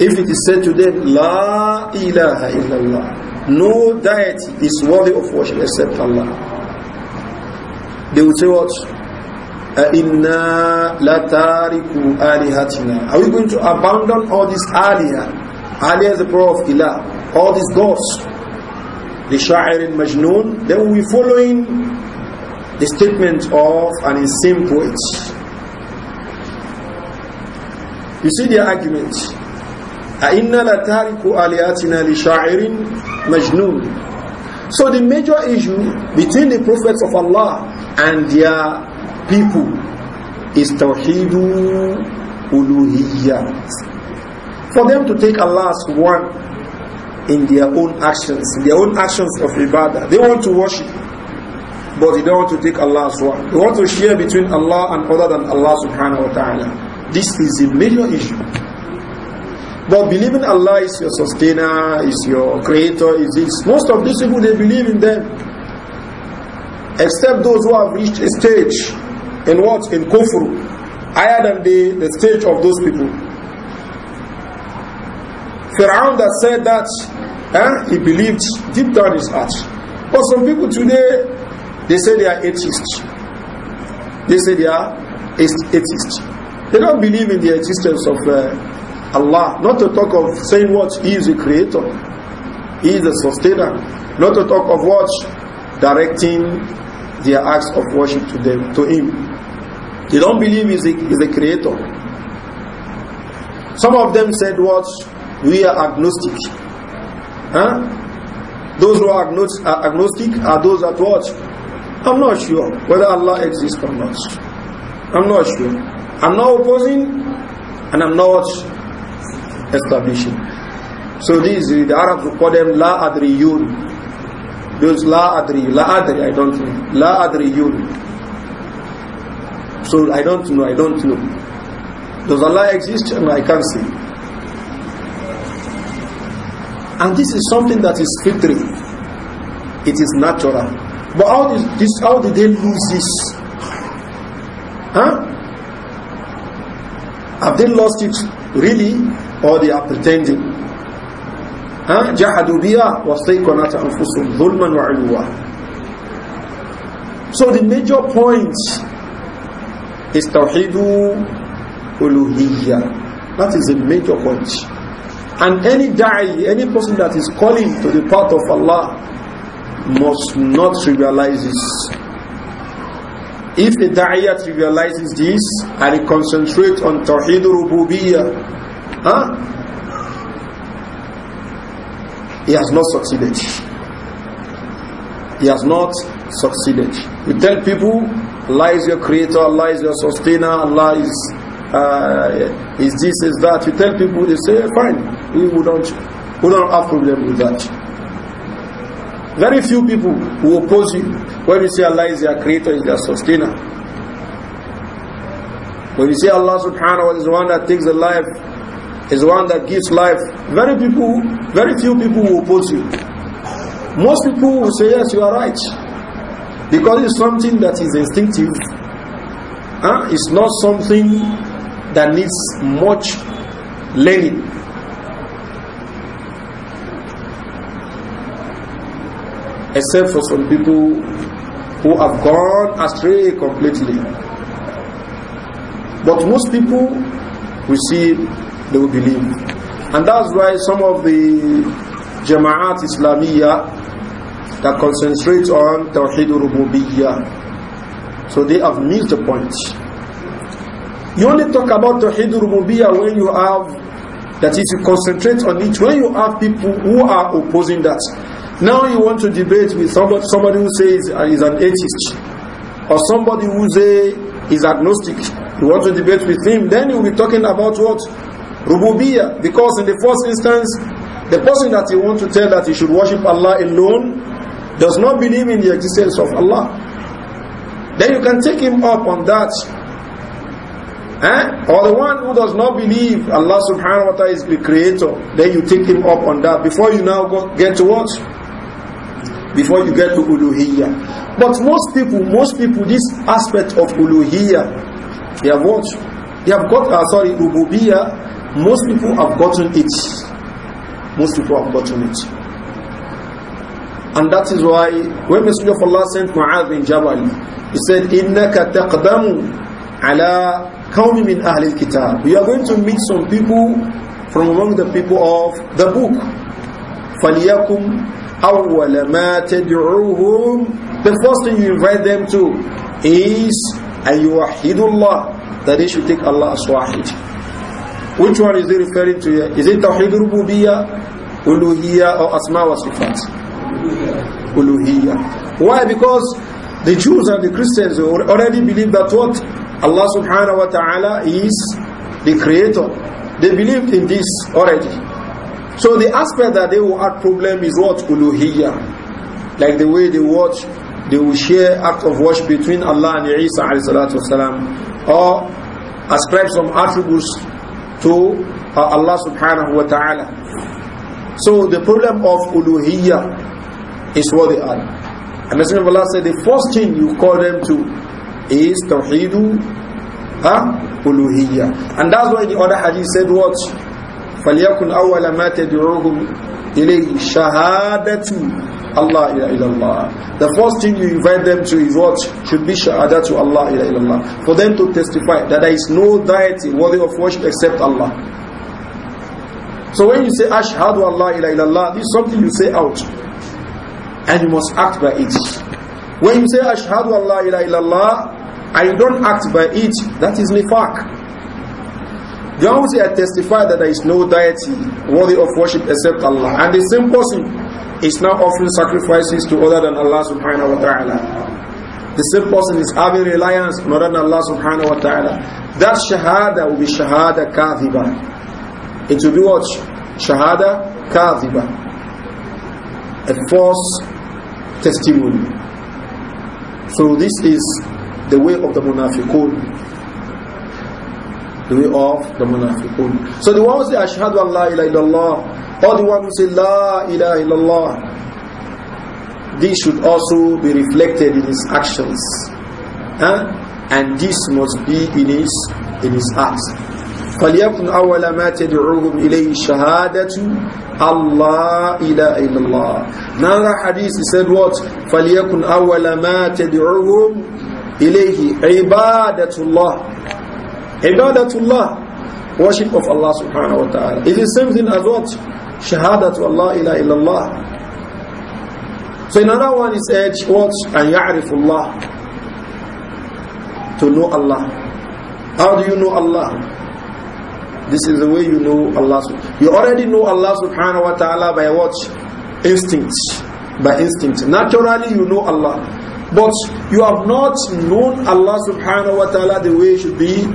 If it is said to them, La ilaha illallah, no deity is worthy of worship except Allah. They will say what? Inna latariku alihatina. Are we going to abandon all this aliyah? Aliyah is the power of ilah. All these gods. The sha'ir in Majnun. Then we will be following the statement of an insane poet. You see their argument. So the major issue between the prophets of Allah and their people is Tawheed Uluhiyyah. For them to take Allah's one in their own actions, in their own actions of ibadah. They want to worship, but they don't want to take Allah's word. They want to share between Allah and other than Allah subhanahu wa ta'ala. This is a major issue. But believing Allah is your sustainer, is your creator, is this. Most of these people, they believe in them. Except those who have reached a stage in what? In kufru. Higher than the, the stage of those people. Fir'aun that said that, eh, he believed deep down his heart. But some people today, they say they are atheists. They say they are atheists. They don't believe in the existence of uh, Allah. Not to talk of saying what? He is the creator. He is the sustainer. Not to talk of what? Directing their acts of worship to them, to him. They don't believe He is a the creator. Some of them said what? We are agnostic. Huh? Those who are agnostic are those that what? I'm not sure whether Allah exists or not. I'm not sure. I'm not opposing and I'm not establishing. So these, the Arabs call them La Adriyun. Those La Adri, La Adri, I don't know. La Adriyun. So I don't know, I don't know. Does Allah exist? No, I can't see. And this is something that is fitri. It is natural. But how did, this, how did they lose this? Huh? Have they lost it really? or they are pretending جحدوا بها واستيقنت أنفسهم ظلما وعلوا So the major point is توحيد uluhiyya. That is a major point. And any da'i, any person that is calling to the path of Allah must not trivialize this. If a da'iyah trivializes this and he concentrates on Tawheed rububiyyah Huh? He has not succeeded. He has not succeeded. You tell people, Allah is your creator, Allah is your sustainer, Allah is, uh, is this, is that. You tell people, they say, fine, we, we, don't, we don't have problem with that. Very few people will oppose you when you say Allah is your creator, is your sustainer. When you say Allah subhanahu wa ta'ala is the one that takes the life is one that gives life. Very people, very few people will oppose you. Most people will say, yes, you are right. Because it's something that is instinctive. Huh? It's not something that needs much learning. Except for some people who have gone astray completely. But most people we see they will believe. And that's why some of the Jama'at Islamiya that concentrate on Tawheed Rububiyyah. So they have missed the point. You only talk about Tawheed Rububiyyah when you have that is, you concentrate on it when you have people who are opposing that. Now you want to debate with somebody, somebody who says is uh, an atheist, or somebody who say is agnostic. You want to debate with him, then you'll be talking about what Rububiyah, because in the first instance, the person that you want to tell that he should worship Allah alone does not believe in the existence of Allah. Then you can take him up on that. Eh? Or the one who does not believe Allah subhanahu wa ta'ala is the creator, then you take him up on that before you now go, get to what? Before you get to uluhiyya. But most people, most people, this aspect of uluhiyya, they have what? They have got, uh, sorry, rububiyya, most people have gotten it. Most people have gotten it. And that is why when Messenger of Allah sent Mu'adh bin Jabal, he said, إِنَّكَ تَقْدَمُ عَلَىٰ قَوْمِ مِنْ أَهْلِ الْكِتَابِ You are going to meet some people from among the people of the book. فَلْيَكُمْ أَوَّلَ مَا تَدْعُوهُمْ The first thing you invite them to is أَيُوَحِدُ اللَّهِ That they should take Allah as wahid. Which one is he referring to here? Is it Tawheed Rububiyyah, Uluhiyyah or Asma wa Sifat? Uluhiyyah. Why? Because the Jews and the Christians already believe that what? Allah subhanahu wa ta'ala is the creator. They believed in this already. So the aspect that they will have problem is what? Uluhiyyah. Like the way they watch, they will share act of worship between Allah and Isa alayhi salatu wasalam. Or ascribe some attributes to Allah subhanahu wa ta'ala. So the problem of uluhiyya is what they are. And the Messenger of Allah said the first thing you call them to is tawheedu huh? uluhiyya. And that's why the other hadith said what? فَلْيَكُنْ أَوَّلَ مَا تَدْعُوهُمْ إِلَيْهِ شَهَادَةٌ Allah ila illallah. The first thing you invite them to is what? Should be shahada to Allah ila illallah. For them to testify that there is no deity worthy of worship except Allah. So when you say ashhadu Allah ila illallah, this is something you say out. And you must act by it. When you say ashhadu Allah ila illallah, and you don't act by it, that is nifaq. The only I testify that there is no deity worthy of worship except Allah. And the same person is now offering sacrifices to other than Allah subhanahu wa ta'ala. The same person is having reliance on other than Allah subhanahu wa ta'ala. That shahada will be shahada kathiba. It will be what? Shahada kathiba. A false testimony. So this is the way of the munafiqun the way of the munafiqun. So the ones that ashhadu an la ilaha illallah or the one who say La ilaha illallah. This should also be reflected in his actions. Huh? And this must be in his, in his acts. فليكن أول ما تدعوهم إليه شهادة الله إله إلا الله Another hadith he said what فليكن أول ما تدعوهم إليه عبادة الله عبادة الله worship of Allah subhanahu wa ta'ala. It is the same thing as what? Shahadat wa Allah ila illallah. So another one he said, what? And ya'rifullah. To know Allah. How do you know Allah? This is the way you know Allah. You already know Allah subhanahu wa ta'ala by what? Instinct. By instinct. Naturally you know Allah. But you have not known Allah subhanahu wa ta'ala the way it should be.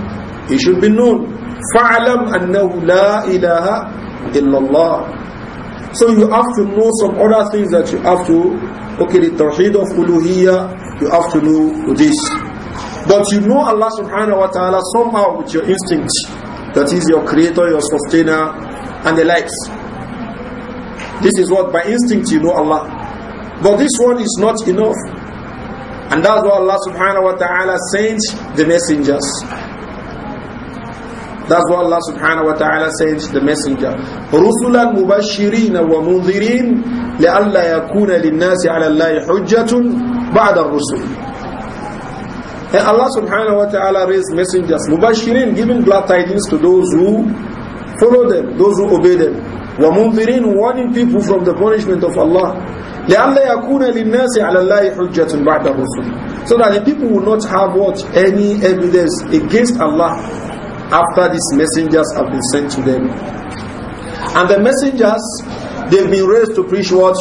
It should be known. فَعْلَمْ أَنَّهُ لَا إِلَهَ illallah. So you have to know some other things that you have to, okay, the Tawheed of Uluhiyya, you have to know this. But you know Allah subhanahu wa ta'ala somehow with your instinct, that is your creator, your sustainer, and the likes. This is what by instinct you know Allah. But this one is not enough. And that's why Allah subhanahu wa ta'ala sent the messengers. That's what Allah subhanahu wa ta'ala to the messenger. رُسُلًا مُبَشِّرِينَ وَمُنذِرِينَ لَأَلَّا يَكُونَ لِلنَّاسِ عَلَى اللَّهِ حُجَّةٌ بَعْدَ الرُّسُلِ And Allah subhanahu wa ta'ala raised messengers, مُبَشِّرِينَ giving glad tidings to those who follow them, those who obey them. وَمُنْذِرِينَ warning people from the punishment of Allah. لَأَلَّا يَكُونَ لِلنَّاسِ عَلَى اللَّهِ حُجَّةٌ بَعْدَ الرُّسُلِ So that the people will not have what? Any evidence against Allah after these messengers have been sent to them. And the messengers, they've been raised to preach what?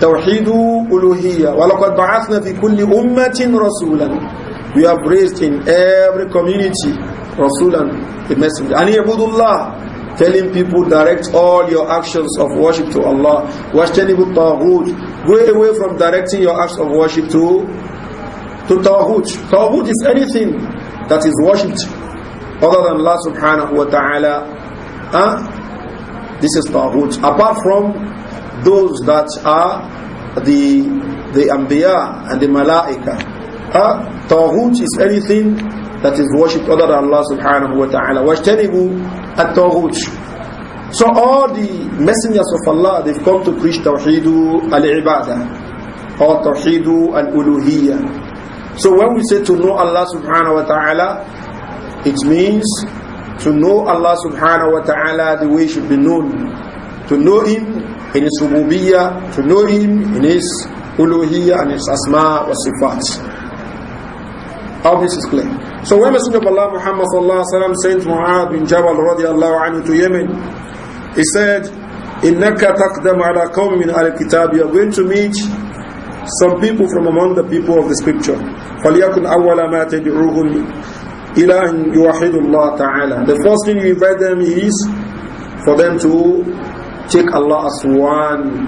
توحيد uluhiyya ولقد بعثنا في كل أمة رسولا We have raised in every community Rasulan, the messenger أن Allah, telling people direct all your actions of worship to Allah واجتنبوا الطاغوت go away from directing your acts of worship to to Tawhut. Tawhut is anything that is worshipped other than Allah subhanahu wa ta'ala huh? this is taghut apart from those that are the the anbiya and the malaika huh? is anything that is worshipped other than Allah subhanahu wa ta'ala wajtanibu at-taghut so all the messengers of Allah they've come to preach tawheedu al-ibadah or tawheedu al-uluhiyyah so when we say to know Allah subhanahu wa ta'ala it means to know Allah subhanahu wa ta'ala the way should be known. To know Him in His rububiyyah, to know Him in His uluhiyyah and His asma wa sifat. How this is clear. So when Messenger of Allah Muhammad sallallahu alayhi wa sallam sent Mu'ad bin Jabal radiallahu anhu to Yemen, he said, إِنَّكَ تَقْدَمْ عَلَى قَوْمٍ مِنْ أَلِ الْكِتَابِ You are going to meet some people from among the people of the scripture. فَلْيَكُنْ أَوَّلَ مَا تَدْعُوهُمْ إله يوحد الله the first thing you invite them is for them to take Allah as one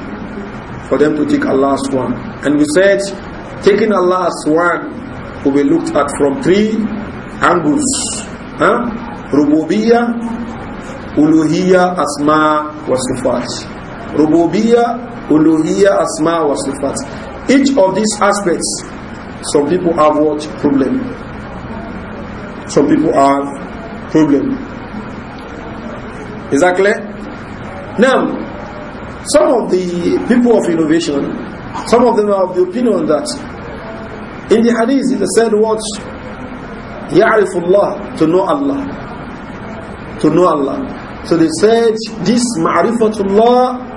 for them to take Allah as one and we said taking Allah as one will be looked at from three angles huh? rububiya, uluhiya, asma wa sifat Uluhiya, asma wa sifat each of these aspects some people have what problem some people have problem. Is that clear? Now, some of the people of innovation, some of them are of the opinion that in the hadith it said what? يَعْرِفُ اللَّهِ To know Allah. To know Allah. So they said this ma'rifatullah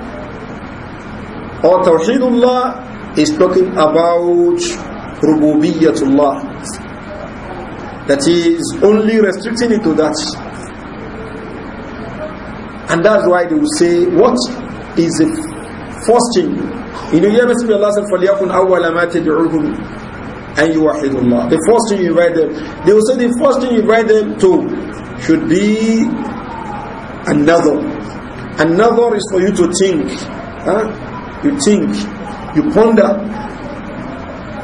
or tawheedullah is talking about rububiyyatullah that he is only restricting it to that. And that's why they will say, what is it forcing you? In the year Messenger Allah said, فَلْيَكُنْ أَوَّلَ مَا تَدْعُوهُم أَنْ يُوَحِدُ اللَّهِ The first thing you invite them, they will say the first thing you invite them to should be another. Another is for you to think. Huh? You think, you ponder.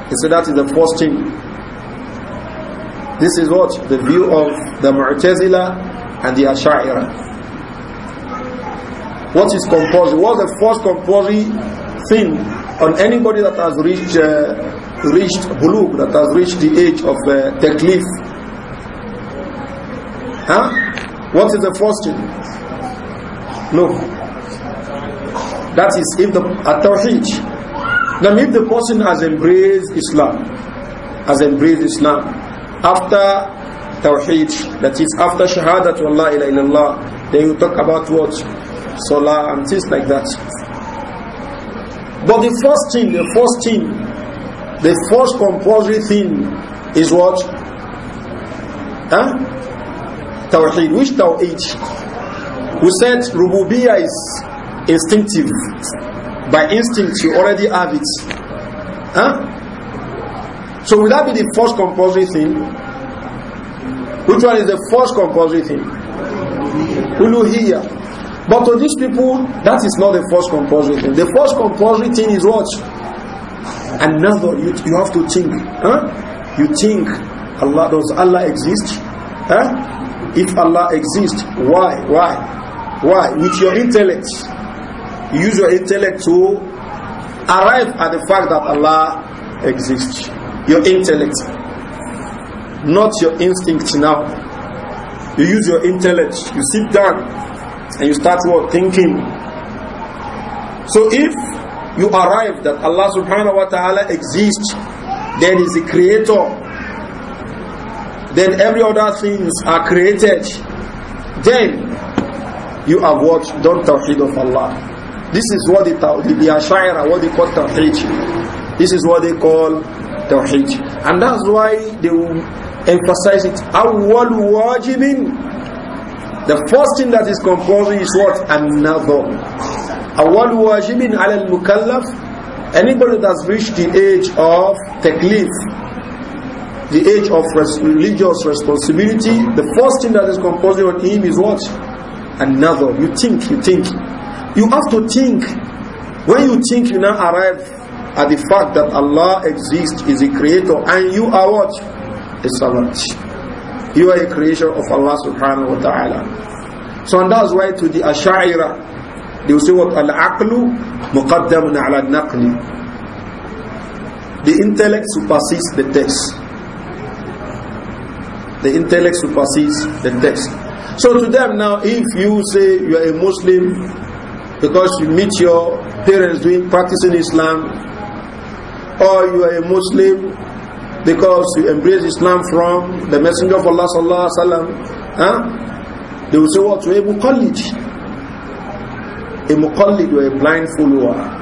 He said that is the first thing this is what? The view of the Mu'tazila and the Asha'ira. What is compulsory? What's the first compulsory thing on anybody that has reached uh, reached Bulug that has reached the age of uh, taklif? Huh? What is the first thing? No. That is if the at-tawheed. Now if the person has embraced Islam, has embraced Islam, after Tawheed, that is after Shahada to Allah ila illallah, they will talk about what? Salah and things like that. But the first thing, the first thing, the first compulsory thing is what? Huh? Tawheed. Which Tawheed? We said Rububiyah is instinctive. By instinct, you already have it. Huh? So will that be the first compulsory thing? Which one is the first compulsory thing? Uluhiyya. But to these people, that is not the first compulsory thing. The first compulsory thing is what? Another, you, you have to think. Huh? You think, Allah does Allah exist? Huh? If Allah exists, why? Why? Why? With your intellect. You use your intellect to arrive at the fact that Allah exists your intellect, not your instinct now. You use your intellect, you sit down and you start what? Thinking. So if you arrive that Allah subhanahu wa ta'ala exists, is a creator, then every other things are created, then you have watched done Tawheed of Allah. This is what the, the, the Ash'ira, what they call Tawheed. This is what they call Tawheed. And that's why they will emphasize it. Awwal wajibin. The first thing that is composing is what? Another. Awwal wajibin ala al-mukallaf. Anybody that's reached the age of taklif, the age of res religious responsibility, the first thing that is composing on him is what? Another. You think, you think. You have to think. When you think, you now arrive at the fact that Allah exists, is a creator, and you are what? A servant. You are a creation of Allah subhanahu wa ta'ala. So and that's why to the Ash'ira, they will say what? Al-aqlu muqaddamun ala naqli. The intellect supersedes the text. The intellect supersedes the text. So to them now, if you say you are a Muslim, because you meet your parents doing practicing Islam, or you are a Muslim because you embrace Islam from the Messenger of Allah sallallahu alaihi wasallam, huh? They will say what? You are a muqallid. A muqallid, you are a blind follower.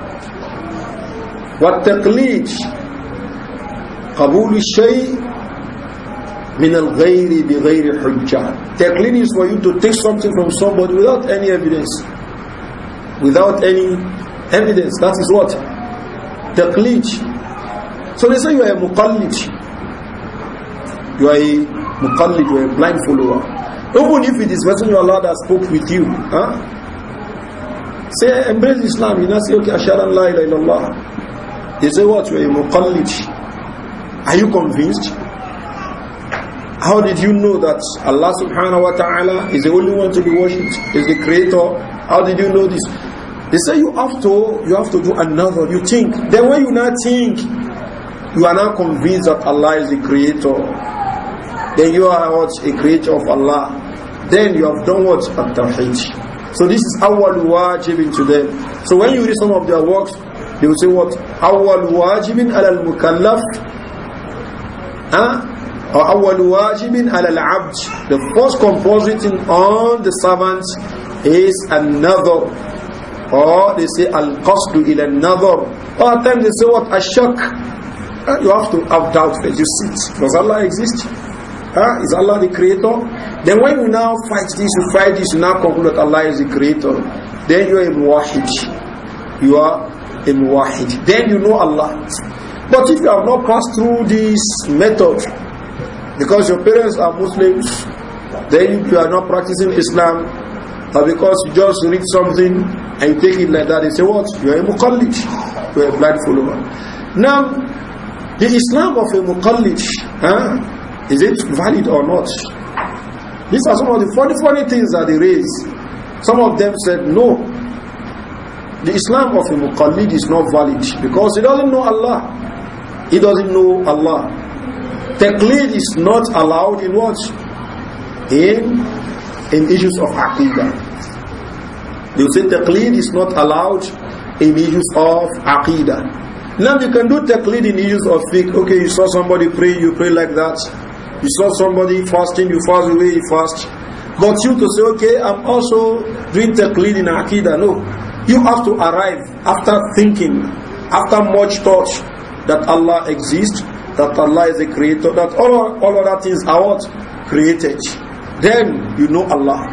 والتقليد min al-Ghairi bi-Ghairi Hujjah. تقليد is for you to take something from somebody without any evidence without any evidence that is what تقليد so they say you are a muqallid. You are a muqallid, you are a blind follower. Even if it is Messenger of Allah that spoke with you, huh? say embrace Islam, you not say, okay, Asharan la ilaha illallah. They say what? You are a muqallid. Are you convinced? How did you know that Allah subhanahu wa ta'ala is the only one to be worshipped, is the creator? How did you know this? They say you have to, you have to do another, you think. Then when you not think, you are not convinced that Allah is the creator, then you are what? A creator of Allah. Then you have done what? At Tawheed. So this is awwal wajibin to them. So when you read some of their works, they will say what? Awwal wajibin al mukallaf. Huh? Or awwal wajibin al abd. The first compositing on the servant is another. Or they say al qasdu ila another. Or at times they say what? Ashak. Uh, you have to have doubt that you sit. Does Allah exist? Uh, is Allah the creator? Then when you now fight this, you fight this, you now conclude that Allah is the creator. Then you are a muwahid. You are a muwahid. Then you know Allah. But if you have not passed through this method, because your parents are Muslims, then you are not practicing Islam, but because you just read something and you take it like that, they say what? You are a muqallid. You are a blind follower. Now, the Islam of a Muqallid, huh? is it valid or not? These are some of the funny, funny things that they raise. Some of them said, no, the Islam of a Muqallid is not valid because he doesn't know Allah. He doesn't know Allah. Taqlid is not allowed in what? In, in issues of Aqidah. They say Taqlid is not allowed in issues of Aqidah. Now you can do taqlid in use of fiqh. Okay, you saw somebody pray, you pray like that. You saw somebody fasting, you fast the way he fast. But you to say, okay, I'm also doing taqlid in aqidah. No. You have to arrive after thinking, after much thought that Allah exists, that Allah is the creator, that all, all other things are what? Created. Then you know Allah.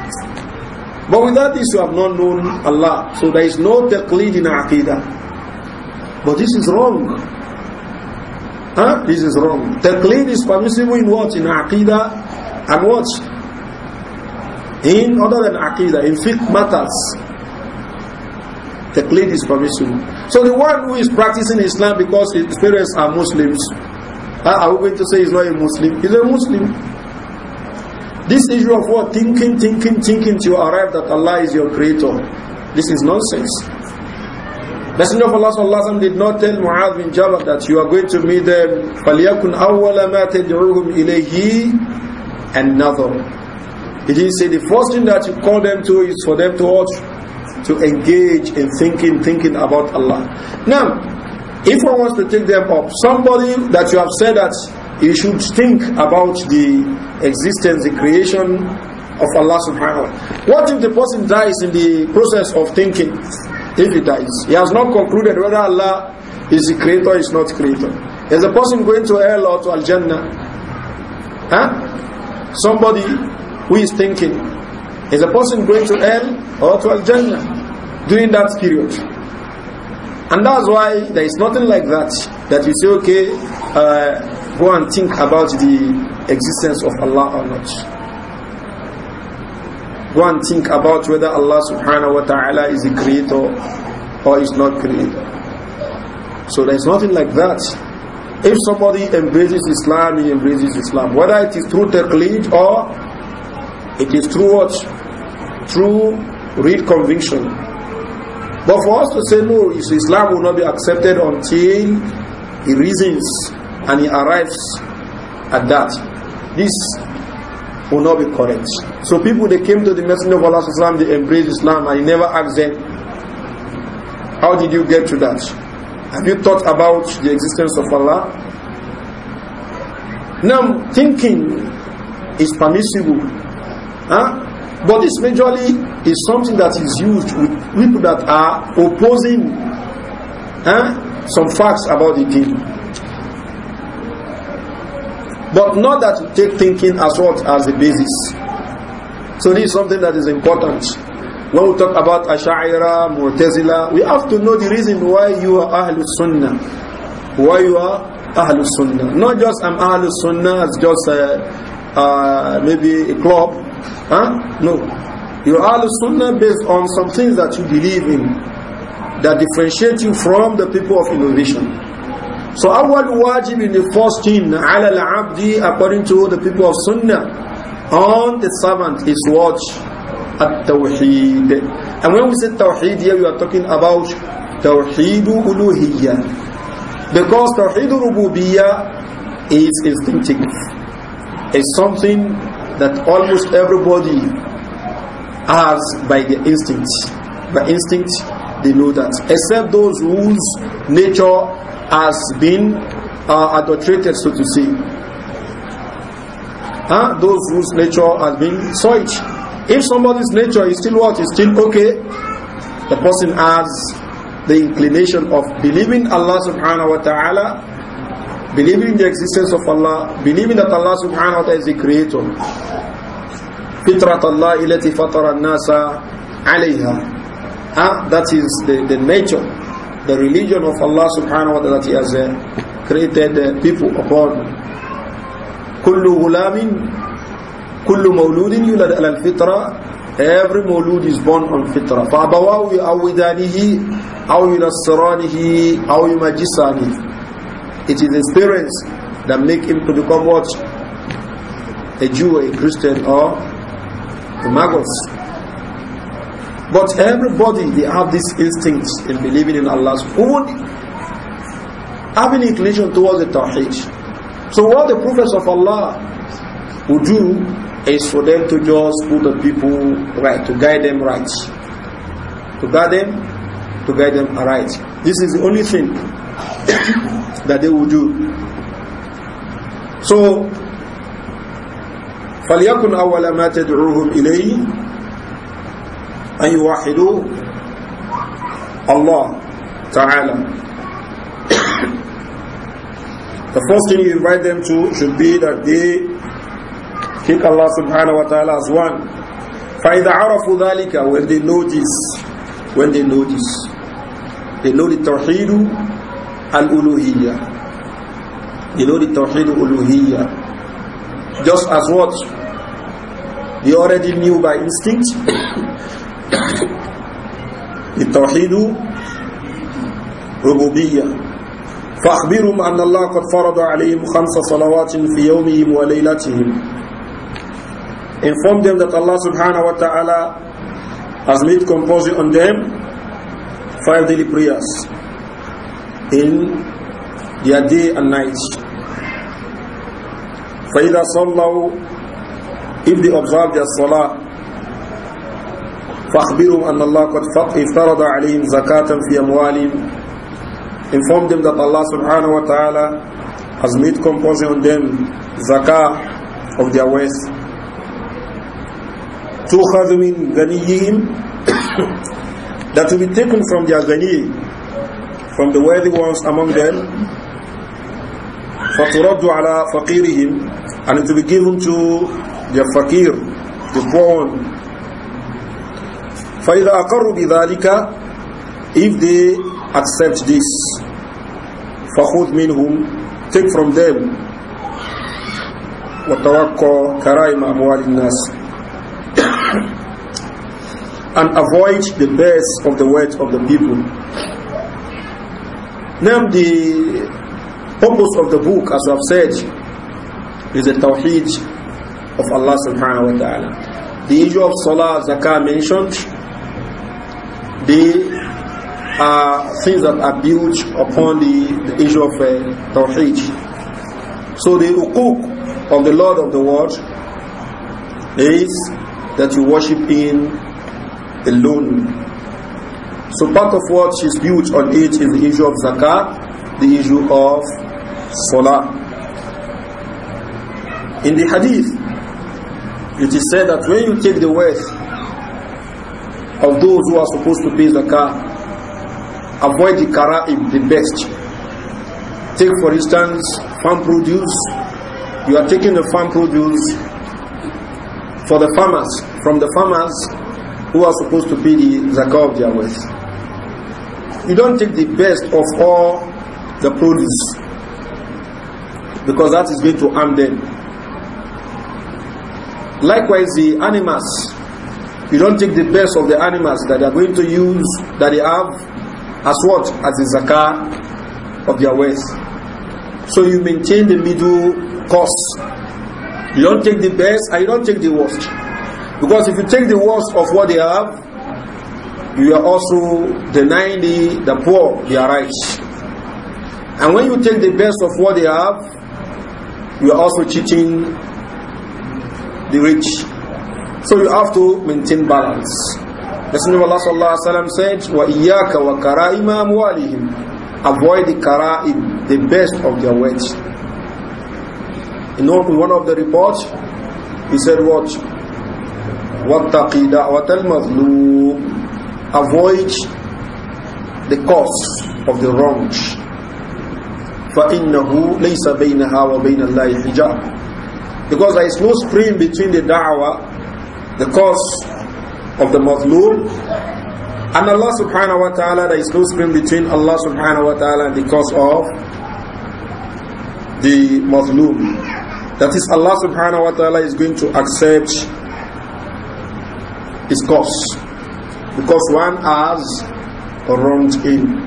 But without this you have not known Allah. So there is no taqlid in aqidah. But this is wrong. Huh? This is wrong. Taqlid is permissible in what? In Aqidah and what? In other than Aqidah, in fiqh matters. Taqlid is permissible. So the one who is practicing Islam because his parents are Muslims, are we going to say he's not a Muslim? He's a Muslim. This issue of what? Thinking, thinking, thinking till you arrive that Allah is your creator. This is nonsense. Messenger of Allah sallallahu did not tell Mu'adh bin Jabal that you are going to meet them فَلْيَكُنْ أَوَّلَ مَا تَدْعُوهُمْ إِلَيْهِ another. He didn't say the first thing that you call them to is for them to watch, to engage in thinking, thinking about Allah. Now, if one wants to take them up, somebody that you have said that you should think about the existence, the creation of Allah subhanahu wa ta'ala. What if the person dies in the process of thinking? if he dies. He has not concluded whether Allah is the creator or is not creator. Is a person going to hell or to Al-Jannah. Huh? Somebody who is thinking, is a person going to hell or to Al-Jannah during that period? And that's why there is nothing like that, that you say, okay, uh, go and think about the existence of Allah or not go and think about whether Allah subhanahu wa ta'ala is the creator or is not creator. So there's nothing like that. If somebody embraces Islam, he embraces Islam. Whether it is through taqleed or it is through what? Through real conviction. But for us to say no, Islam will not be accepted until he reasons and he arrives at that. This will not be correct. So people they came to the Messenger of Allah Islam, they embraced Islam and he never asked them, how did you get to that? Have you thought about the existence of Allah? Now thinking is permissible. Huh? But this majorly is something that is used with people that are opposing huh? some facts about the deen. But not that you take thinking as what? As the basis. So this is something that is important. When we talk about Asha'ira, Mu'tazila, we have to know the reason why you are Ahlul Sunnah. Why you are Ahlul Sunnah. Not just I'm Ahlul Sunnah as just a, uh, uh, maybe a club. Huh? No. You are Ahlul Sunnah based on some things that you believe in that differentiate you from the people of innovation. So our wajib in the first thing, ala al-abdi, according to the people of Sunnah, on the servant is watch At-tawheed. And when we say tawheed here, we are talking about Tawheed uluhiyya. Because Tawheed rububiyya is instinctive. It's something that almost everybody has by the instinct. By instinct, they know that. Except those whose nature has been uh, adulterated, so to say. Huh? Those whose nature has been soiled. If somebody's nature is still what? Is still okay, the person has the inclination of believing Allah subhanahu wa ta'ala, believing the existence of Allah, believing that Allah subhanahu wa ta'ala is the creator. Fitrat Allah ilati fatara nasa alayha. That is the, the nature the religion of Allah subhanahu wa ta'ala He has uh, created uh, people upon. kullu غلام kullu مولود yulad al-fitra. Every maulud is born on fitra. فأبواه awidanihi, أو nasranihi, أو يمجسانه. It is his parents that make him to become what? A Jew, a Christian, or a Magos. But everybody, they have this instinct in believing in Allah's own, having inclination towards the Tawheed. So what the prophets of Allah would do is for them to just put the people right, to guide them right. To guide them, to guide them right. This is the only thing that they will do. So, فَلْيَكُنْ أَوَّلَ مَا تَدْعُوهُمْ إِلَيْهِ أن يوحدوا Allah Ta'ala. The first thing you invite them to should be that they keep Allah subhanahu wa ta'ala as one. فَإِذَا عَرَفُوا ذَلِكَ When they know this, when they know this, they know the Tawheed al-Uluhiyya. They know the Tawheed al Just as what? They already knew by instinct, التوحيد ربوبية فأخبرهم أن الله قد فرض عليهم خمس صلوات في يومهم وليلتهم Inform them that Allah subhanahu wa ta'ala has made compulsory on them five daily prayers in their day and night. فَإِذَا صَلَّوْا If they observe their salah فاخبرهم أن الله قد فرض عليهم زكاة في أموالهم Inform them that Allah subhanahu wa ta'ala has made composing on them zakah of their wealth. تُخَذُ مِنْ غَنِيِّهِمْ That will be taken from their غَنِي from the worthy ones among them, فَتُرَدُّ عَلَى فَقِيرِهِمْ And it will be given to their fakir, the poor one, فَإِذَا أَقَرُّ بِذَلِكَ If they accept this, فَخُذْ مِنْهُمْ Take from them وَتَوَقَّ كَرَائِمَ أَمْوَالِ النَّاسِ and avoid the best of the wealth of the people. Now the purpose of the book, as I've said, is the tawheed of Allah subhanahu wa ta'ala. The issue of salah, zakah mentioned, they are things that are built upon the, the issue of uh, Tawheed. So the hukuk of the Lord of the world is that you worship Him alone. So part of what is built on it is the issue of zakat, the issue of salah. In the hadith, it is said that when you take the wealth of those who are supposed to pay zakah avoid the if the best. Take for instance, farm produce. You are taking the farm produce for the farmers, from the farmers who are supposed to pay the zakah of their wealth. You don't take the best of all the produce because that is going to harm them. Likewise, the animals you don't take the best of the animals that they are going to use, that they have, as what? As the zakah of their wealth. So you maintain the middle course. You don't take the best and you don't take the worst. Because if you take the worst of what they have, you are also denying the, the poor their rights. And when you take the best of what they have, you are also cheating the rich. So you have to maintain balance. Messenger of Allah sallallahu said, وَإِيَّاكَ وَكَرَائِمَ أَمْوَالِهِمْ Avoid the kara'im, the best of their wealth. In one of the reports, he said what? وَاتَّقِي دَعْوَةَ الْمَظْلُومِ Avoid the cause of the wrong. فَإِنَّهُ لَيْسَ بَيْنَهَا وَبَيْنَ اللَّهِ حِجَابٍ Because there is no screen between the da'wah the cause of the mazloom. And Allah subhanahu wa ta'ala, there is no screen between Allah subhanahu wa ta'ala and the cause of the mazloom. That is, Allah subhanahu wa ta'ala is going to accept his cause. Because one has wronged him.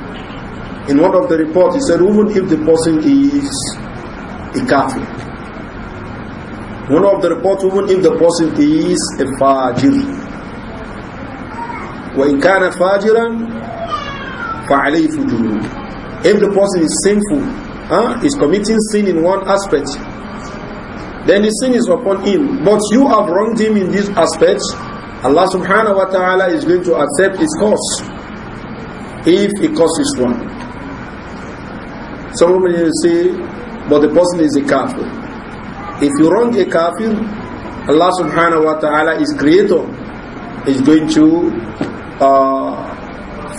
In one of the reports, he said, even if the person is a kafir, one of the reports, even if the person is a fajir. وَإِنْ كَانَ فَاجِرًا فَعَلَيْهِ فُجُورٌ If the person is sinful, huh, is committing sin in one aspect, then the sin is upon him. But you have wronged him in this aspect, Allah subhanahu wa ta'ala is going to accept his cause if he causes one. Some women say, but the person is a kafir. If you wrong a kafir, Allah subhanahu wa ta'ala is creator, is going to uh,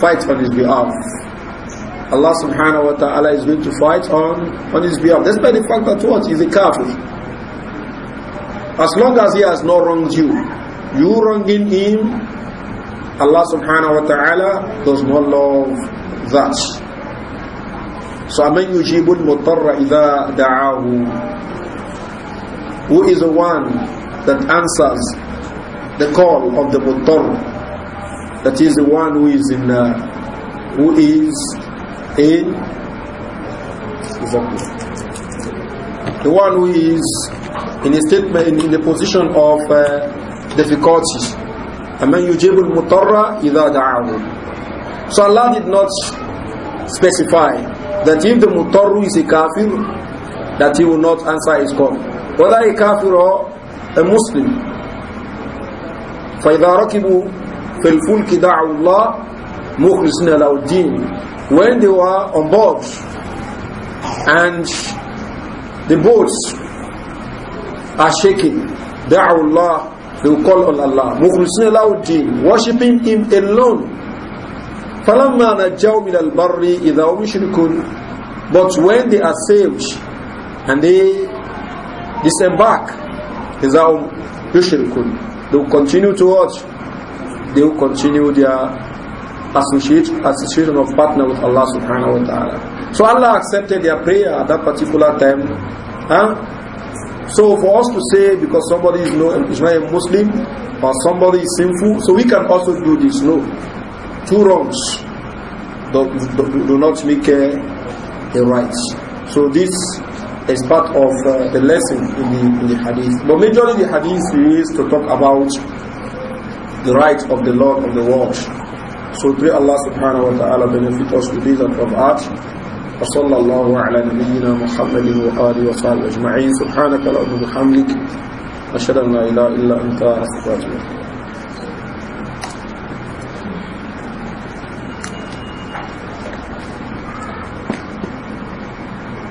fight on his behalf. Allah subhanahu wa ta'ala is going to fight on, on his behalf. Despite the fact that what? He's a kafir. As long as he has not wronged you, you wronging him, Allah subhanahu wa ta'ala does not love that. So, أَمَنْ يُجِيبُ الْمُطَرَّ إِذَا دَعَاهُ who is the one that answers the call of the muttar? That is the one who is in uh, who is in the one who is in a statement in, in the position of uh, difficulties. So Allah did not specify that if the mutarru is a kafir, that he will not answer his call. whether a kafir فإذا ركبوا في فَإِذَا دعوا الله مخلصين دَعَوُ اللَّهِ When they were on board and the boats are shaking, دَعَوُ اللَّهِ They will call on Allah. مخلصين لَهُ الدِّينِ Worshipping Him alone. فَلَمَّا نَجَّوْا من الْبَرِّ إذا هُمْ يُشْرِكُونَ But when they are saved and they disembark should يشركون they will continue to watch they will continue their association, association of partner with Allah subhanahu wa ta'ala so Allah accepted their prayer at that particular time huh? so for us to say because somebody is, no, is not a Muslim or somebody is sinful so we can also do this no two wrongs do, do, do not make a, a right so this is part of uh, the lesson in the, in the hadith. But majorly the hadith is to talk about the right of the Lord of the world. So pray Allah subhanahu wa ta'ala benefit us with these and from art. وصلى الله على نبينا محمد وآله وصحبه أجمعين سبحانك اللهم وبحمدك أشهد أن لا إله إلا أنت أستغفرك